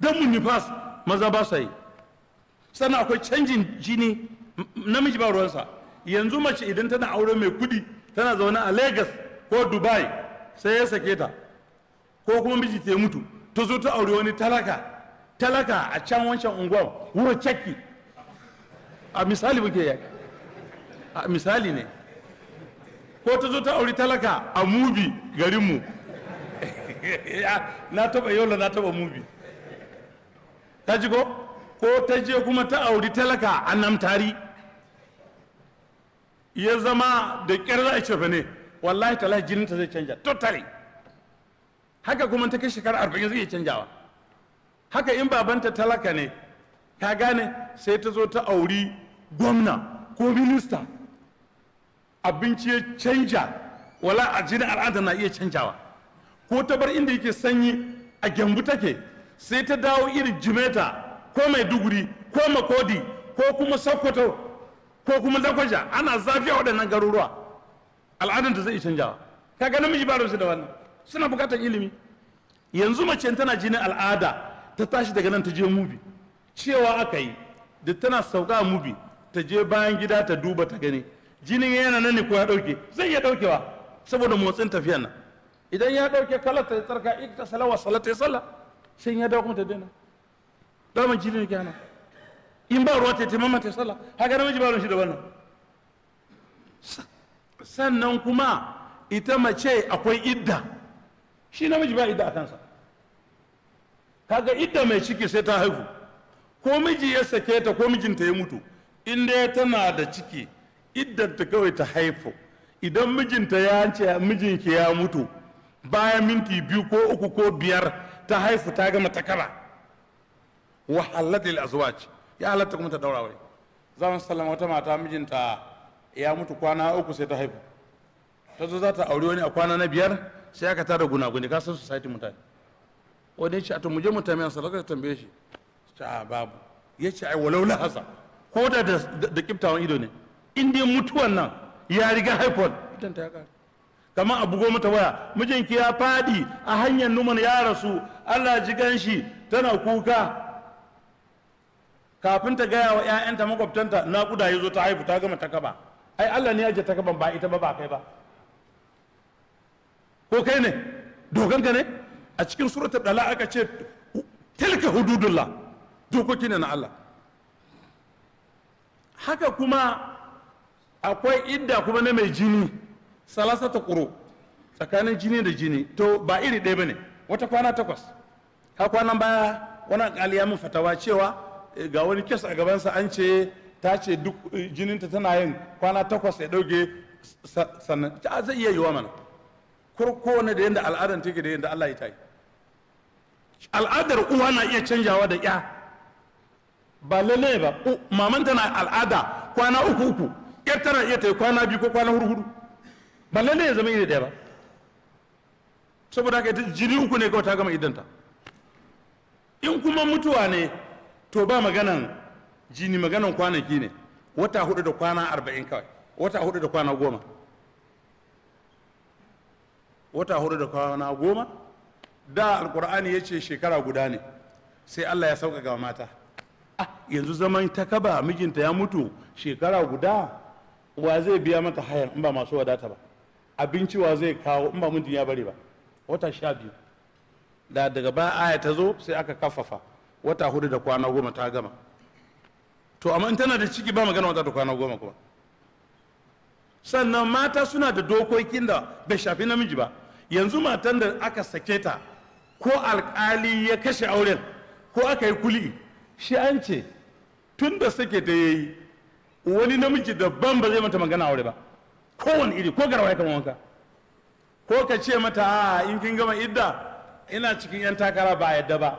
don mu nifas maza ba sa yi sannan akwai canjin jini namiji ba ruwansa yanzu mace idan tana aure mai kudi tana zaune a lagos ko dubai sai ya sake ta ko kuma miji ta mutu ta zo ta aure wani talaka talaka a can wancan unguwar wuro cakki a misali muke yaki a misali ne ko ta zo ta auri talaka a mubi garinmu [LAUGHS] na taba yola na taba mubi ta ji ko ta je kuma ta auri talaka a nan tari ya zama da ƙyar za a ce ne wallahi talahi jininta zai canja totally haka kuma ta kai shekara arba'in zai iya canjawa haka in babanta talaka ne ka gane sai ta zo ta auri gwamna ko minista abinci ya canja wala a jini al'ada na iya canjawa ko ta bar inda yake sanyi a gyambu take sai ta dawo irin jimeta ko mai duguri ko makodi ko kuma sokoto ko kuma lagosha ana zafi a waɗannan garuruwa al'adun da zai canjawa ka kaga namiji ba da wannan suna bukatar ilimi yanzu mace tana jinin al'ada ta tashi daga nan ta je mubi cewa aka yi da tana sauka mubi ta je bayan gida ta duba ta gani jinin yana nan ne ko ya dauke zai iya daukewa saboda motsin tafiyan nan idan ya dauke kala ta tsarka ikta salawa salata ya sallah sai ya dawo kuma ta daina dama jini ne kyana in ba ruwa ta ta mamma ta sallah haka na miji ba ruwan shi da wannan sannan kuma ita mace akwai idda shi na miji ba idda a kansa kaga idda mai ciki sai ta haihu ko miji ya sake ta ko mijinta ya mutu in dai tana da ciki iddar ta kawai ta haifu idan mijinta ya ce mijinki ya mutu bayan minti biyu ko uku ko biyar ta haifu ta gama ta kaba wa halladil azwaj ya halatta kuma ta daura wai zaman sallama wata mata mijinta ya mutu kwana uku sai ta haifu ta zo za ta aure wani a kwana na biyar sai aka tada gunaguni ka san society mutane wani ya ce a to mu je mu tambaye sa lokacin tambaye shi ta babu ya ce ai walau lahasa ko da da kiftawan ido ne in mutuwan nan ya riga haifon idan ta ya kare kamar a bugo mata waya mijinki ya fadi a hanyar numan ya rasu allah ji ganshi tana kuka kafin ta gaya wa 'ya'yanta makwabtanta kuda ya zo ta haifu ta gama takaba ai allah ne ya je takaban ba ita ba ba kai ba ko kai ne doganka ne a cikin suratul dala aka ce tilka hududullah dokoki ne na allah haka kuma akwai idda kuma na mai jini ta kuro tsakanin jini da jini to ba iri ɗaya ba ne. wata kwana takwas ha kwanan baya wani alƙali ya min fatawa cewa eh, ga wani kes a gabansa an ce ta ce duk eh, jininta tana yin kwana takwas ya ɗauke sannan ta zai iya yiwa mana kowane da yadda al'adar take da yadda Allah ya tayi. al'adar uwa na iya canjawa da ya ba lallai ba maman tana al'ada kwana uku uku yar tana iya ta yi kwana biyu ko kwana huru-huru. ba lalle ya zama iri ɗaya ba saboda haka ita jini uku ne kawai ta gama idanta in kuma mutuwa ne to ba maganan jini maganan kwanaki ne wata hudu da kwana arba'in kawai wata hudu da kwana goma wata hudu da kwana goma da alkur'ani ya ce shekara guda ne sai allah ya sauka ga mata ah, yanzu zaman ta kaba mijinta ya mutu shekara guda wa zai biya mata hayan in ba masu wadata ba abinci wa zai kawo in ba mijin ya bari ba wata sha biyu da daga baya aya ta zo sai aka kafafa wata hudu da kwana goma ta gama to amma in tana da ciki ba magana wata da kwana goma kuma sannan mata suna da dokokin da bai shafi namiji ba yanzu matan da aka sake ta ko alkali ya kashe auren ko aka yi kuli shi an ce tun da sake ta yayi wani namiji daban ba zai mata magana aure ba kowane iri ko garwa ya kama wanka ko ka ce mata a in kin gama idda ina cikin yan takara ba yadda ba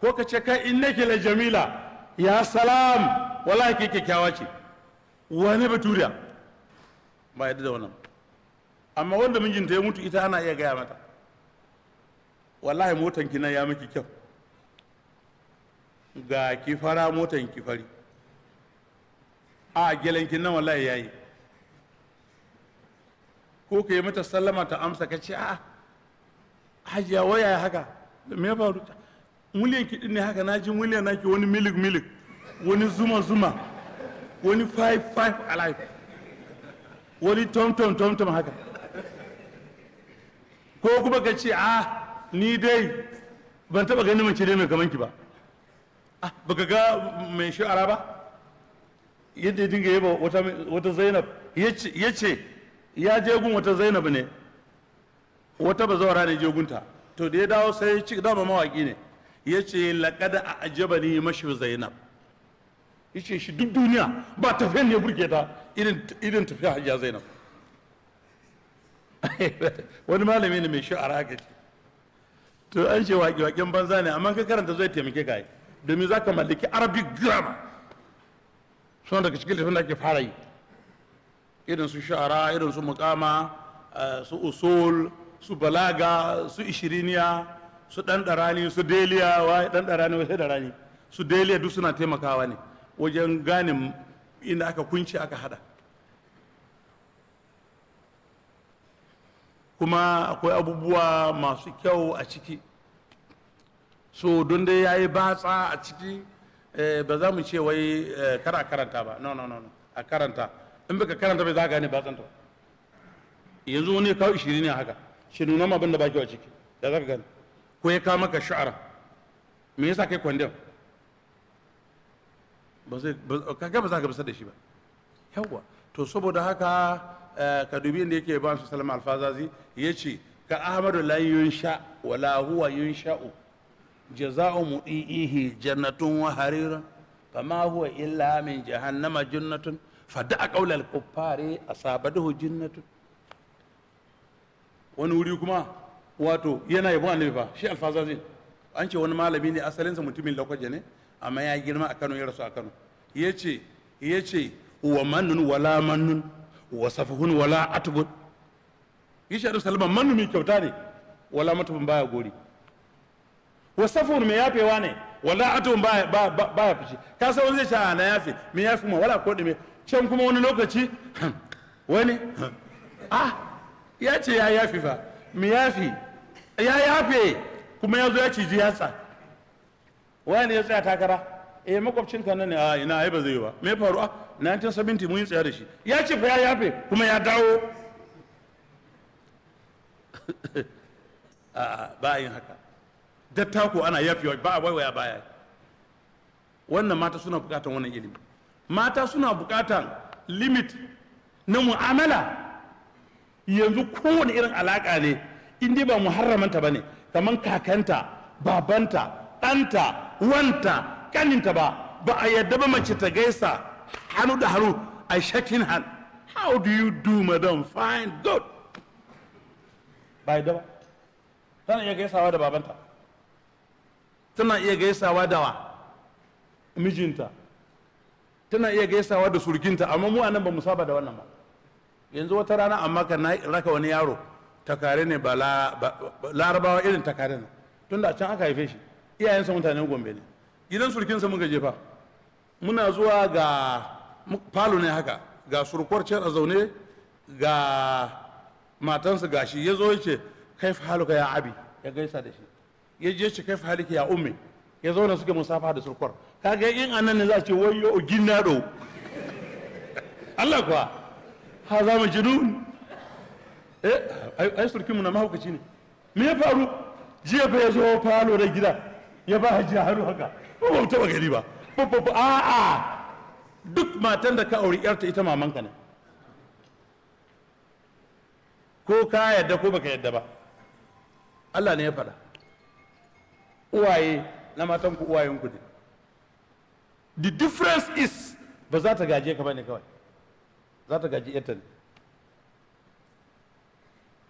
ko ka ce kai in nake la jamila ya salam wallahi ke kyakkyawa ce wani baturiya ba yadda da wannan amma wanda mijinta ya mutu ita ana iya gaya mata wallahi motan ki nan ya miki kyau ga ki fara motan ki fari a gelenki nan wallahi yayi ko ka yi mata sallama ta amsa ka ce a hajiya waya haka me ya faru miliyan kiɗi ne haka na ji miliyan naki wani milik milik wani zuma zuma wani five five alive wani tom tom tom tom haka ko kuma ka ce a ni dai ban taba ganin mace dai mai kamar ki ba a ah, baka ga mai shi'ara ba yadda ya dinga yaba wata zainab ya ce ya je gun wata Zainabu ne wata ba bazawara ne je gunta to da ya dawo sai ya ci dama mawaki ne ya ce laƙada a ajaba ne mashi zainab ya ce shi duk duniya ba tafiyan ne burge ta irin tafiya hajiya zainab [LAUGHS] wani malami ne mai shi'ara haka ce to an ce waƙe-waƙen banza ne amma ka karanta zai taimake ka yi domin za ka mallaki arabic grammar suna daga cikin littafin da ake fara yi irin su shara irin su mukama eh, su usul su balaga su ishiriniya su ɗanɗarani su deliya wa ɗanɗarani wa ɗanɗarani su deliya duk suna taimakawa ne wajen ganin inda aka kunce aka hada kuma akwai abubuwa masu kyau a ciki so don dai ya yi batsa a ciki eh, ba za mu ce wai eh, kar a karanta ba no no no a karanta in baka karanta bai za gane ba tsanta yanzu wani kawo ishiri ne haka shi nuna ma abinda baki a ciki da za ka gane ko ya kawo maka sha'ara me yasa kai kwandon ba zai kaga ba za ka bisa da shi ba yawwa to saboda haka eh, ka dubi inda yake ba su salama alfazazi ya ce ka ahmadu la yunsha wala huwa yunsha'u jaza'u mudihi jannatun wa harira ma huwa illa min jahannama jannatun fadda qaulal kuffari na jinnatu wani wuri kuma wato yana yabon annabi fa shi alfazazin an ce wani malami ne asalinsa mutumin lokaci ne amma ya girma a Kano ya rasu a Kano Ya ce wa mannun wala mannun wa safahun wala atbun yace Annabi salman mannun mai kyauta ne wala matubun baya gori wa safahun mai yafewa ne wala atubun baya baya fice ka san wani zai ce na yafe mai yafe ma wala ko mai can kuma wani lokaci wani ah ya ce ya yafi fa mu yafi ya yafe kuma ya zo ya ciji yatsa wani ya tsaya takara eh makwabcinka nan ne a ah, ina ai ba zai ba me faru a ah, 1970 mun yi tsaya da shi ya ce fa ya yafe kuma ya dawo [LAUGHS] a ba yin haka dattako ana yafi ba a waiwaya baya wannan mata suna bukatan wannan ilimi mata suna bukatan limit na mu'amala yanzu kowane irin alaka ne in dai ba muharramanta ba ne kamar kakanta babanta ɗanta wanta kaninta ba ba a yadda ba mace ta gaisa hannu da hannu a shakin hand how do you do madam fine good ba yadda ba tana iya gaisawa da babanta tana iya gaisawa da mijinta tana iya gaisawa da surkinta amma mu anan ba mu saba da wannan ba yanzu wata rana amma ka raka wani yaro takare ne ba larabawa irin takare ne tunda a can aka haife shi iyayensa mutanen gombe ne gidan surkinsa muka jefa muna zuwa ga falo ne haka ga can a zaune ga matansa gashi ya zo ya ce kai haluka ya abi ya gaisa da shi ya je shi kai haluka ya ummi ya zauna suke musafa da surkwar kaga in anan ne za ce wayo do. Allah kuwa ha za mu jinun eh ai surkin mu na mahaukaci ne me ya faru jiya fa ya zo falo da gida ya ba haji haru haka ba mu taba gari ba ba ba a a duk matan da ka auri yarta ita mamanka ne ko ka yadda ko baka yadda ba Allah ne ya faɗa uwaye na matan ku uwayen ku ne the difference is ba za ta gaje ka bane kawai za ta gaji ne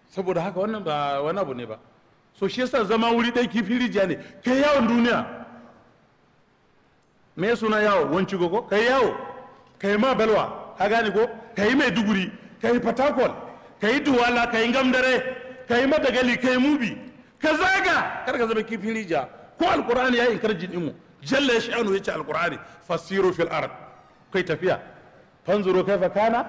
saboda haka wannan ba wani abu ne ba so shi yasa zama wuri ɗaya kifi rijiya ne kai yawon duniya me suna yawo wanci gogo kai yawo kai ma balwa ka gane ko kai mai duguri kai fatakol kai duwala kai gamdare kai madagali kai mubi ka zaga kar ka zama kifin rijiya ko alkur'ani ya inkarjin imu jalla sha'anu yace alqur'ani fasiru fil ard kai tafiya fanzuru kaifa kana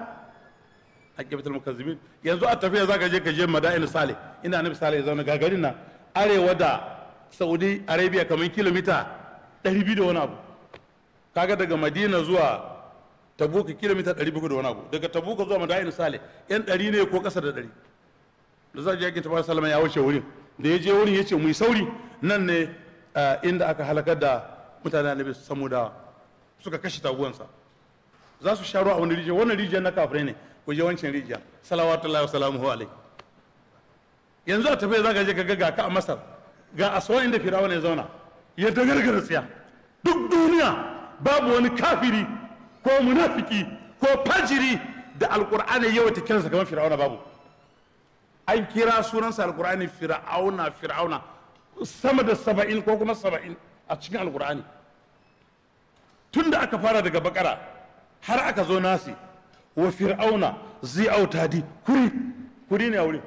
aqibatul mukazzibin yanzu a tafiya zaka je ka je madain salih ina nabi salih zauna gagarin nan arewa da saudi arabia kamar kilomita 200 da wani abu kaga daga madina zuwa tabuka kilomita 700 da wani abu daga tabuka zuwa madain salih yan 100 ne ko kasa da 100 da za je yakin tabar salama ya wuce wurin da ya je wurin ya ce mu yi sauri nan ne inda aka halakar da mutanen annabi samuda suka kashe taguwansa za su sha a wani rijiya wannan rijiya na kafirai ne ku je wancan rijiya salawatullahi wa salamuhu yanzu a tafiya zaka je ka ga ka a masar ga a tsawon inda firawa ya zauna ya dagargara tsiya duk duniya babu wani kafiri ko munafiki ko fajiri da alkur'ani yau ta kiransa kamar fir'auna babu an kira sunansa alkur'ani fir'auna fir'auna sama da saba'in ko kuma saba'in a cikin alkur'ani tun da aka fara daga bakara har aka zo nasi wa fir'auna zai auta di. kuri kuri ne a wuri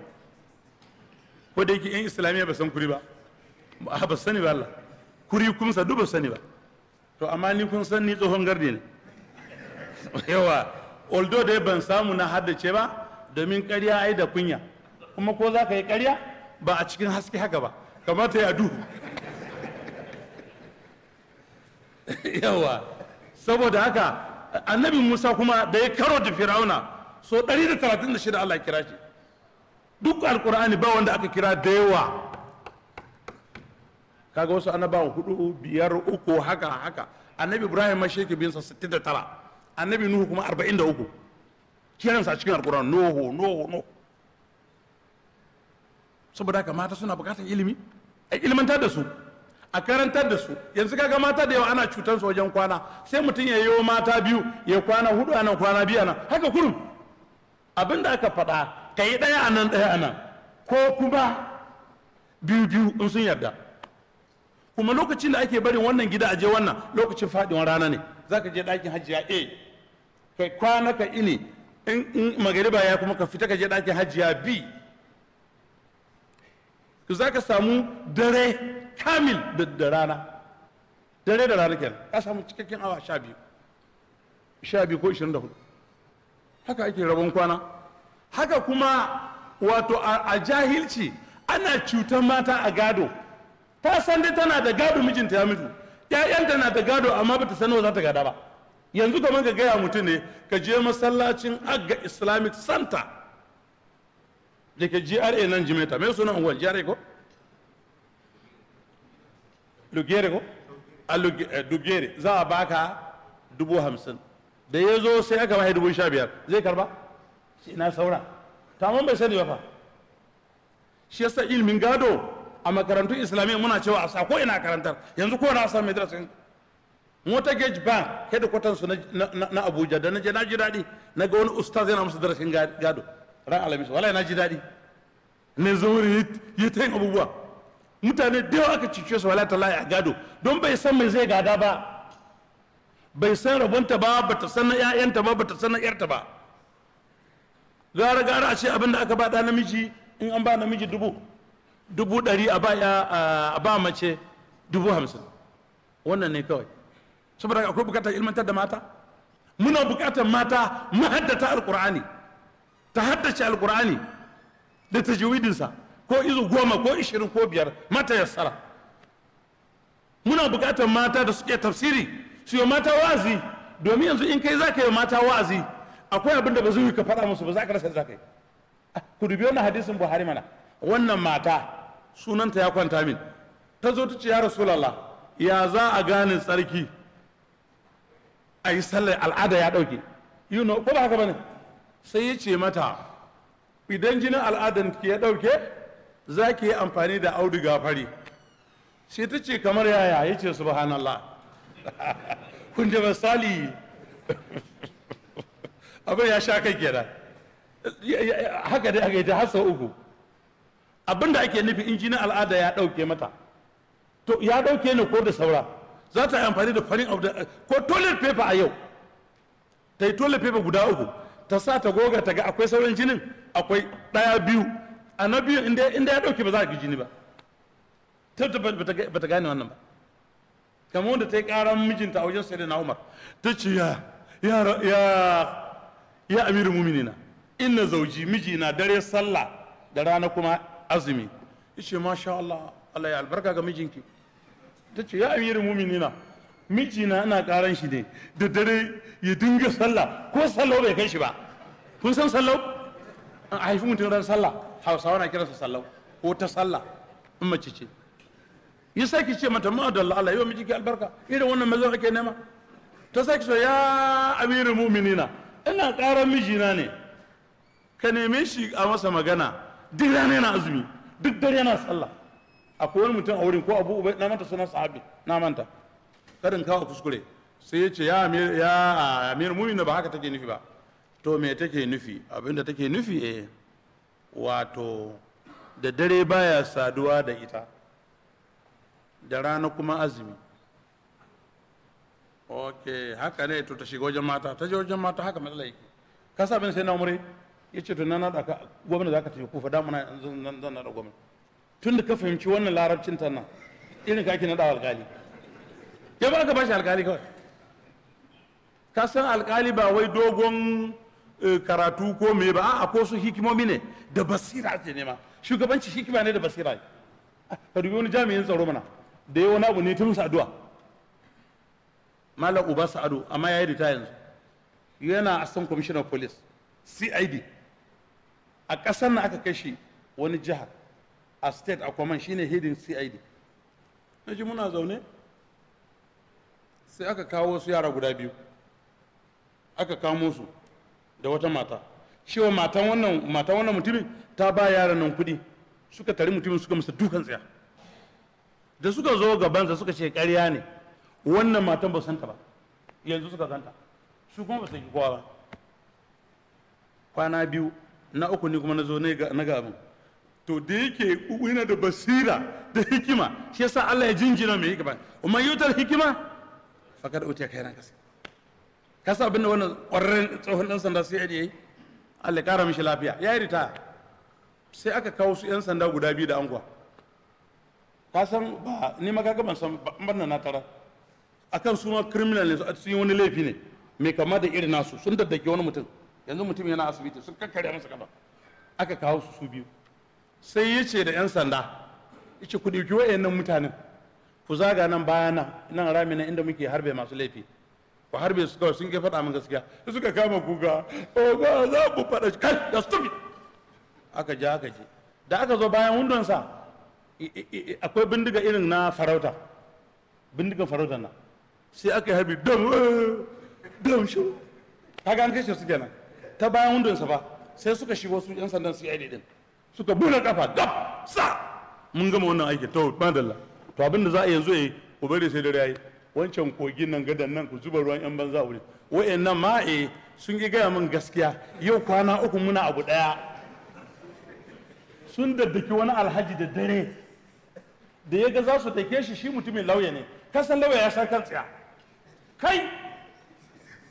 ko da yake yan islamiyya ba san kuri ba ba sani ba Allah kuri kun sa duba sani ba to amma ni kun san ni tsohon gardi ne yawa although dai ban samu na haddace ba domin ƙarya ai da kunya kuma ko za ka yi ƙarya ba a cikin haske haka ba kamata ya duhu [LAUGHS] yawa saboda haka annabi musa kuma da ya karo da firauna so 136 allah ya kira shi duk alkur'ani ba wanda aka kira da yawa kaga wasu annabawan hudu biyar uku haka haka annabi ibrahim mashi yake sa 69 annabi nuhu kuma 43 sa cikin alkur'an noho noho no. saboda haka mata suna bukatar ilimi a ilimantar da su a karantar da su yanzu kaga mata da yawa ana cutar su wajen kwana sai mutum ya yi mata biyu ya kwana hudu a nan kwana biyu a nan haka kurum abin da aka faɗa ka yi ɗaya a nan ɗaya a nan ko kuma biyu biyu in sun yarda kuma lokacin da ake barin wannan gida a je wannan lokacin faɗin rana ne za ka je ɗakin hajiya a eh, kai kwana ka ini in magariba ya kuma ka fita ka je ɗakin hajiya b za ka samu dare kamil da rana dare da rana kenan ya samu cikakken awa sha biyu sha biyu ko ishirin da hudu haka ake rabon kwana haka kuma wato a jahilci ana cutar mata a gado ta san dai tana da gado mijinta ya mutu ƴaƴanta na da gado amma bata san za ta gada ba yanzu kamar ka gaya mutum ne ka je masallacin agga islamic center da ke gra nan jimeta mai suna unguwar jihar ko lugere ko a lugere eh, za a baka dubu hamsin da ya zo sai aka mahi dubu sha biyar zai karba shi na saura ta tamam bai sani ba fa shi yasa ilimin gado a makarantu islamiyya muna cewa a sa ko ina karantar yanzu ko na san madrasin ba bank kwatan su na abuja da na je na ji daɗi na ga wani ustaz yana musu darasin gado ran alamis wala na ji daɗi ne zuri yi ta yin abubuwa mutane da yawa aka cice su wala lai a gado don bai san mai zai gada ba bai san rabonta ba ta san na 'ya'yanta ba ta san 'yarta ba gara gara a ce abin da aka ba da namiji in an ba namiji dubu dubu ɗari a ba mace dubu hamsin wannan ne kawai saboda akwai bukatar ilmantar da mata muna bukatar mata haddata alkur'ani ta haddace alkur'ani da tajwidinsa ko izu goma ko ishirin ko biyar mata yassara muna buƙatar mata da suke tafsiri su yi mata wa'azi domin yanzu in kai za ka yi mata wa'azi akwai abin da ba zai yi ka faɗa musu ba za ka rasa za ka yi ah, ku dubi wannan hadisin buhari mana wannan mata sunanta ya kwanta min ta zo ta ce ya rasulallah ya za a gane tsarki a yi sallar al'ada ya ɗauke you know ko ba haka ba ne sai ya ce mata idan jinin al'adan ya ɗauke za ki yi amfani da auduga fari sai ta ce kamar yaya ya ce subhanallah [LAUGHS] kun ji misali [LAUGHS] abin ya sha kai kenan haka dai aka yi ta hasa uku abin da ake nufi injinin al'ada ya ɗauke mata to ya ɗauke ne ko da saura za ta yi amfani da farin abu ko toilet paper a yau ta yi toilet paper guda uku ta sa ta goga ta ga akwai sauran jinin akwai ɗaya biyu a na biyu inda ya dauke ba za a ji ni ba tabbata ba ta gane wannan ba kamar wanda ta yi ƙaran mijinta a wajen sai na umar ta ce ya ya ya amiru na inna zauji mijina dare sallah da rana kuma azumi ya ce masha Allah Allah ya albarka ga mijinki ta ce ya amiru muminina mijina ana ƙaran shi ne da dare ya dinga sallah ko sallau bai kai shi ba kun san sallau a haifi mutum ran sallah hausawa na kiransa sallau ko ta sallah in mace ce yi sai ki ce mata ma'adalla Allah yau miji ki albarka irin wannan mazan ake nema ta sai ki so ya amirin mu'minina ina ƙarar mijina ne ka neme shi a masa magana duk rana yana azumi duk dare yana sallah akwai wani mutum a wurin ko abu ubai na manta sunan sahabi na manta karin kawo kuskure sai ya ce ya amir ya amir mu'mina ba haka take nufi ba to me take nufi abinda take nufi eh wato da dare baya saduwa da ita da rana kuma azumi ok haka ne to ta shiga wajen mata ta je wajen mata haka matsala yake ka sa bin sai na umre ya ce tunan na ɗaka gwamna za ka tafi kufa damuna zan na naɗa gwamna tun da ka fahimci wannan larabcin ta nan irin ka ake naɗa alkali ya ba ka bashi alkali kawai ka san alkali ba wai dogon Eh, karatu ko me ba a ko su hikimomi ne da basira ce ne ma shugabanci hikima ne da basira ne ah, ka dubi wani jami'in tsaro mana da wani abu ne tun saduwa malam uba sa'adu amma ya yi rita yanzu yana asan kwamishinan police cid a ƙasar na aka kashe wani jiha a state a kwaman shine hidin cid na ji muna zaune sai aka kawo su yara guda biyu aka kamo su da wata mata cewa matan wannan matan wannan mutumin ta ba yaran nan kuɗi suka tari mutumin suka masa dukan tsaya da suka zo gabansa suka ce ƙarya ne wannan matan ba santa ba yanzu suka santa su kuma ba su yi kowa ba kwana biyu na uku ne kuma na zo na ga abin to da yake yana da basira da hikima shi yasa Allah ya jinjina mai hikima umman yutar hikima fakar uta kai ran kasa kasa sa abin da wannan kwararren tsohon ɗan sanda sai ya yi allah ƙara mishi lafiya ya yi ritaya sai aka kawo su 'yan sanda guda biyu da angwa ka san ba ni ma kaga ban san ban na tara akan su ma criminal ne su yi wani laifi ne mai kama da irin nasu sun daddake wani mutum yanzu mutum yana asibiti sun kakkare masa kafa aka kawo su su biyu sai ya ce da 'yan sanda ya ce ku ɗauki wa'annan mutanen ku zaga nan bayana nan rami inda muke harbe masu laifi ba harbe su kawai sun ke faɗa min gaskiya su suka kama kuka oga oh, za mu faɗa kai da stupid aka je aka je da aka zo bayan hundunsa akwai bindiga irin na farauta bindigan farauta na sai aka yi harbi dam eh, dam shi ga an kashe su kenan ta bayan hundunsa ba sai suka shigo su yan sandan CID din suka bula kafa gab sa mun gama wannan aikin to madalla to abin da za a yanzu yi eh, ko bari sai dare yayi wancan kogin nan gadan nan ku zuba ruwan yan banza wuri nan ma'e sun yi gaya min gaskiya yau kwana uku muna abu daya sun daddaki wani alhaji da dare da ya ga za su take shi shi mutumin lauya ne kasan lauya ya san kan tsaya kai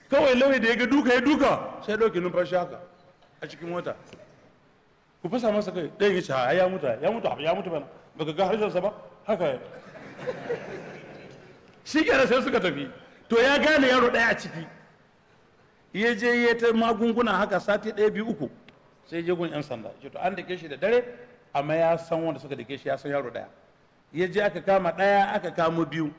kawai lauya da ya ga duka ya duka sai ɗauki numfashi haka a cikin mota ku fasa masa kai ɗaya ya ce ya mutu ya mutu ya mutu bana ba ga harshensa ba haka ya shi kenan sai suka tafi to ya gane yaro ɗaya a ciki ya je ya ta magunguna haka sati ɗaya biyu uku sai je gun 'yan sanda ce to an dake shi da dare amma ya san wanda suka dake shi ya san yaro ɗaya ya je aka kama ɗaya aka kamo biyu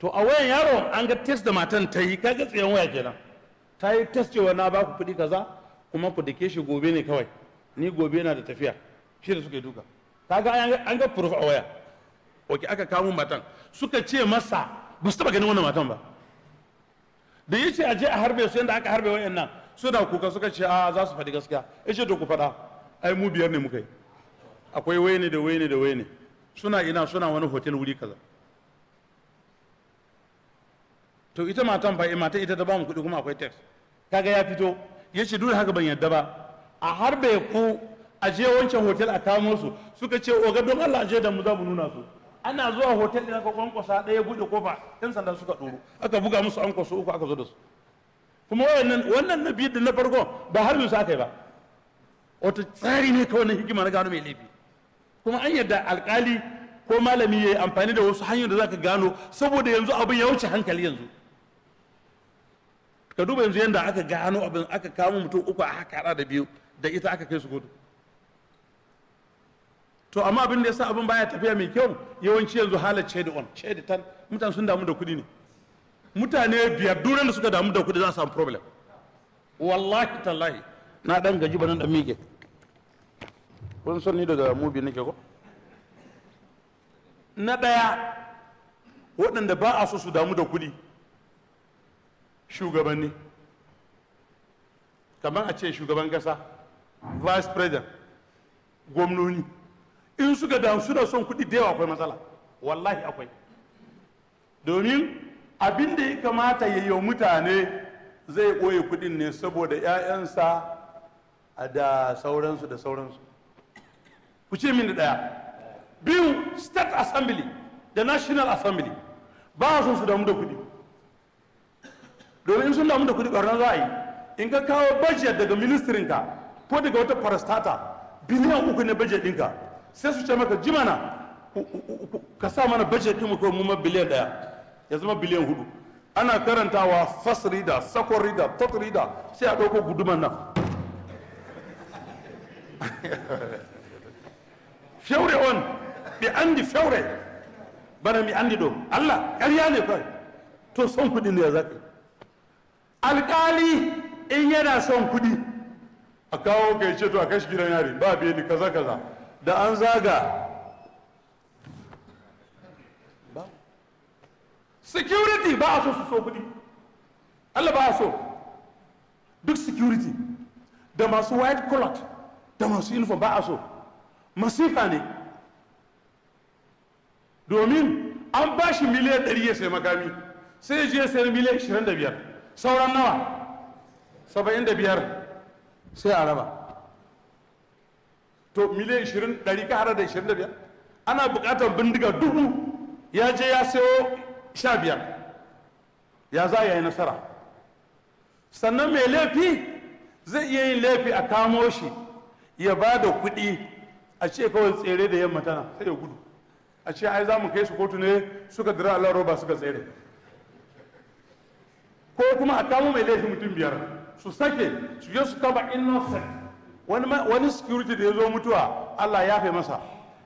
to a wayan yaro an ga test da matan ta yi kaga tsayen waya kenan ta yi test cewa na ba ku kuɗi kaza kuma ku dake shi gobe ne kawai ni gobe na da tafiya shi da suka yi duka kaga an ga proof a waya oke aka kawo matan suka ce masa ba su taba ganin wannan matan ba da ya ce a je a harbe su yadda aka harbe wa'yan nan da kuka suka ce a za su faɗi gaskiya ya ce to ku faɗa ai mu biyar ne muka yi akwai wai ne da wai ne da waye ne suna ina suna wani hotel wuri kaza to ita matan fa mata ita ta bamu kuɗi kuma akwai tax kaga ya fito ya ce dole haka ban yadda ba a harbe ku a je wancan hotel a kawo su suka ce oga don Allah je da mu za mu nuna su ana zuwa hotel din aka kwankwasa ɗaya buɗe kofa ɗan sanda suka ɗoro aka buga musu an kwaso uku aka zo da su kuma wannan wannan na biyu da na farko ba harbin su aka yi ba wata tsari ne kawai na hikima na gano mai laifi kuma an yadda alkali ko malami ya yi amfani da wasu hanyoyi da za ka gano saboda yanzu abin ya wuce hankali yanzu ka duba yanzu yadda aka gano abin aka kawo mutum uku a haka da biyu da ita aka kai su gudu to amma abin da yasa abin baya tafiya mai kyau yawanci yanzu halar shade on shade tan mutane sun damu da kuɗi ne mutane biyar duran da suka damu da kuɗi za su samu problem wallahi tallahi na dan gaji ba nan dan mike kun san ni daga mubi nake ko na daya waɗanda ba a so su damu da kuɗi shugabanni kamar a ce shugaban kasa vice president gwamnoni in suka da da son kuɗi da yawa akwai matsala wallahi akwai domin abin da ya kamata ya yi mutane zai ɓoye kuɗin ne saboda 'ya'yansa da sauransu da sauransu ku ce min da ɗaya biyu state assembly da national assembly ba su su damu da kuɗi domin sun damu da kuɗi ɓarnar za yi in ka kawo budget daga ministrinka ko daga wata farastata biliyan uku na budget ɗinka sai su ce maka ji mana ka sa mana budget kuma ko mu biliyan ɗaya ya zama biliyan hudu ana karantawa first reader second reader third reader sai a ɗauko guduman nan [LAUGHS] fiyaure on bi andi fiyaure bana mi andi don allah ƙarya ne kawai to son kuɗi ne ya zaɓi alƙali in yana son kuɗi a kawo kai ce to a kashi gidan yari ba biyu ni kaza kaza da an zaga security ba a so su so kudi Allah ba a so duk security da masu white collar da masu uniform ba a so masifa ne domin an ba shi miliyan 100 ya sai makami sai ya je sayar miliyan 25 sauran nawa 75 sai a raba to miliyan ishirin ɗari ka da ishirin da biyar ana buƙatar bindiga dubu ya je ya sayo sha biyar ya za ya yi nasara sannan mai laifi zai iya yin laifi a kamo shi ya ba da kuɗi a ce kawai tsere da yamma tana sai ya gudu a ce ai za mu kai su kotu ne suka dira Allah roba suka tsere ko kuma a kamo mai laifi mutum biyar su sake su je su taba innocent wani security da ya zo mutuwa Allah ya fi masa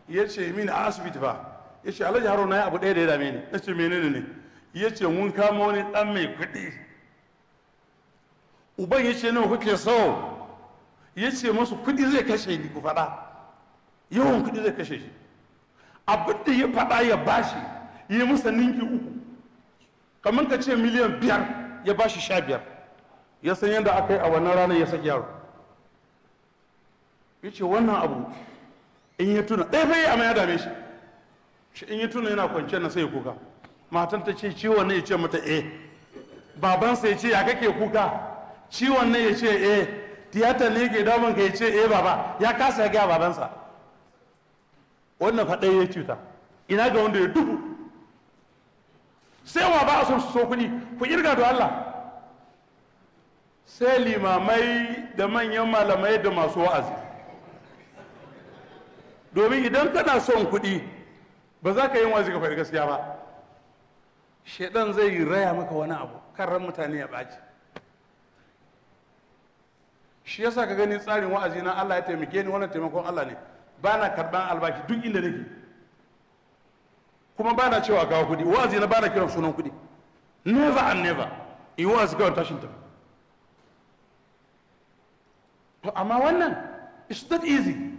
ya ce mini a asibiti ba ya ce alhaji haro na yi abu ɗaya da ya dame ni ya ce menene ne ya ce mun kama wani ɗan mai kuɗi uban ya ce nawa kuke so ya ce masu kuɗi zai kashe ni ku faɗa yawan kuɗi zai kashe shi abin da ya faɗa ya bashi ya yi masa ninki uku kamar ka ce miliyan biyar ya bashi sha biyar ya san yadda aka yi a wannan ranar ya saki yaro ya ce wannan abu in ya tuna ɗaya fa yi amma ya dame shi shi in ya tuna yana kwanciyar na sai kuka matan ta ce ciwon ne ya ce mata eh babansa ya ce ya kake kuka ciwon ne ya ce eh tiyatar ne ke damun ka ya ce eh baba ya kasa ya gaya babansa wannan faɗai ya cuta ina ga wanda ya dubu sai wa ba a son su so kuɗi ku irga da Allah sai limamai da manyan malamai da masu wa'azi domin idan kana son kuɗi ba za ka yi wazi ka fari gaskiya ba shaidan zai raya maka wani abu kan mutane ya ɓaci shi yasa ka gani tsarin wa'azi na Allah ya taimake ni wannan taimakon Allah ne ba na karɓar albashi duk inda nake kuma ba na cewa kawo kuɗi wa'azi na ba na kiran sunan kuɗi never and never in wa'azi kawai tashin ta to amma wannan it's not easy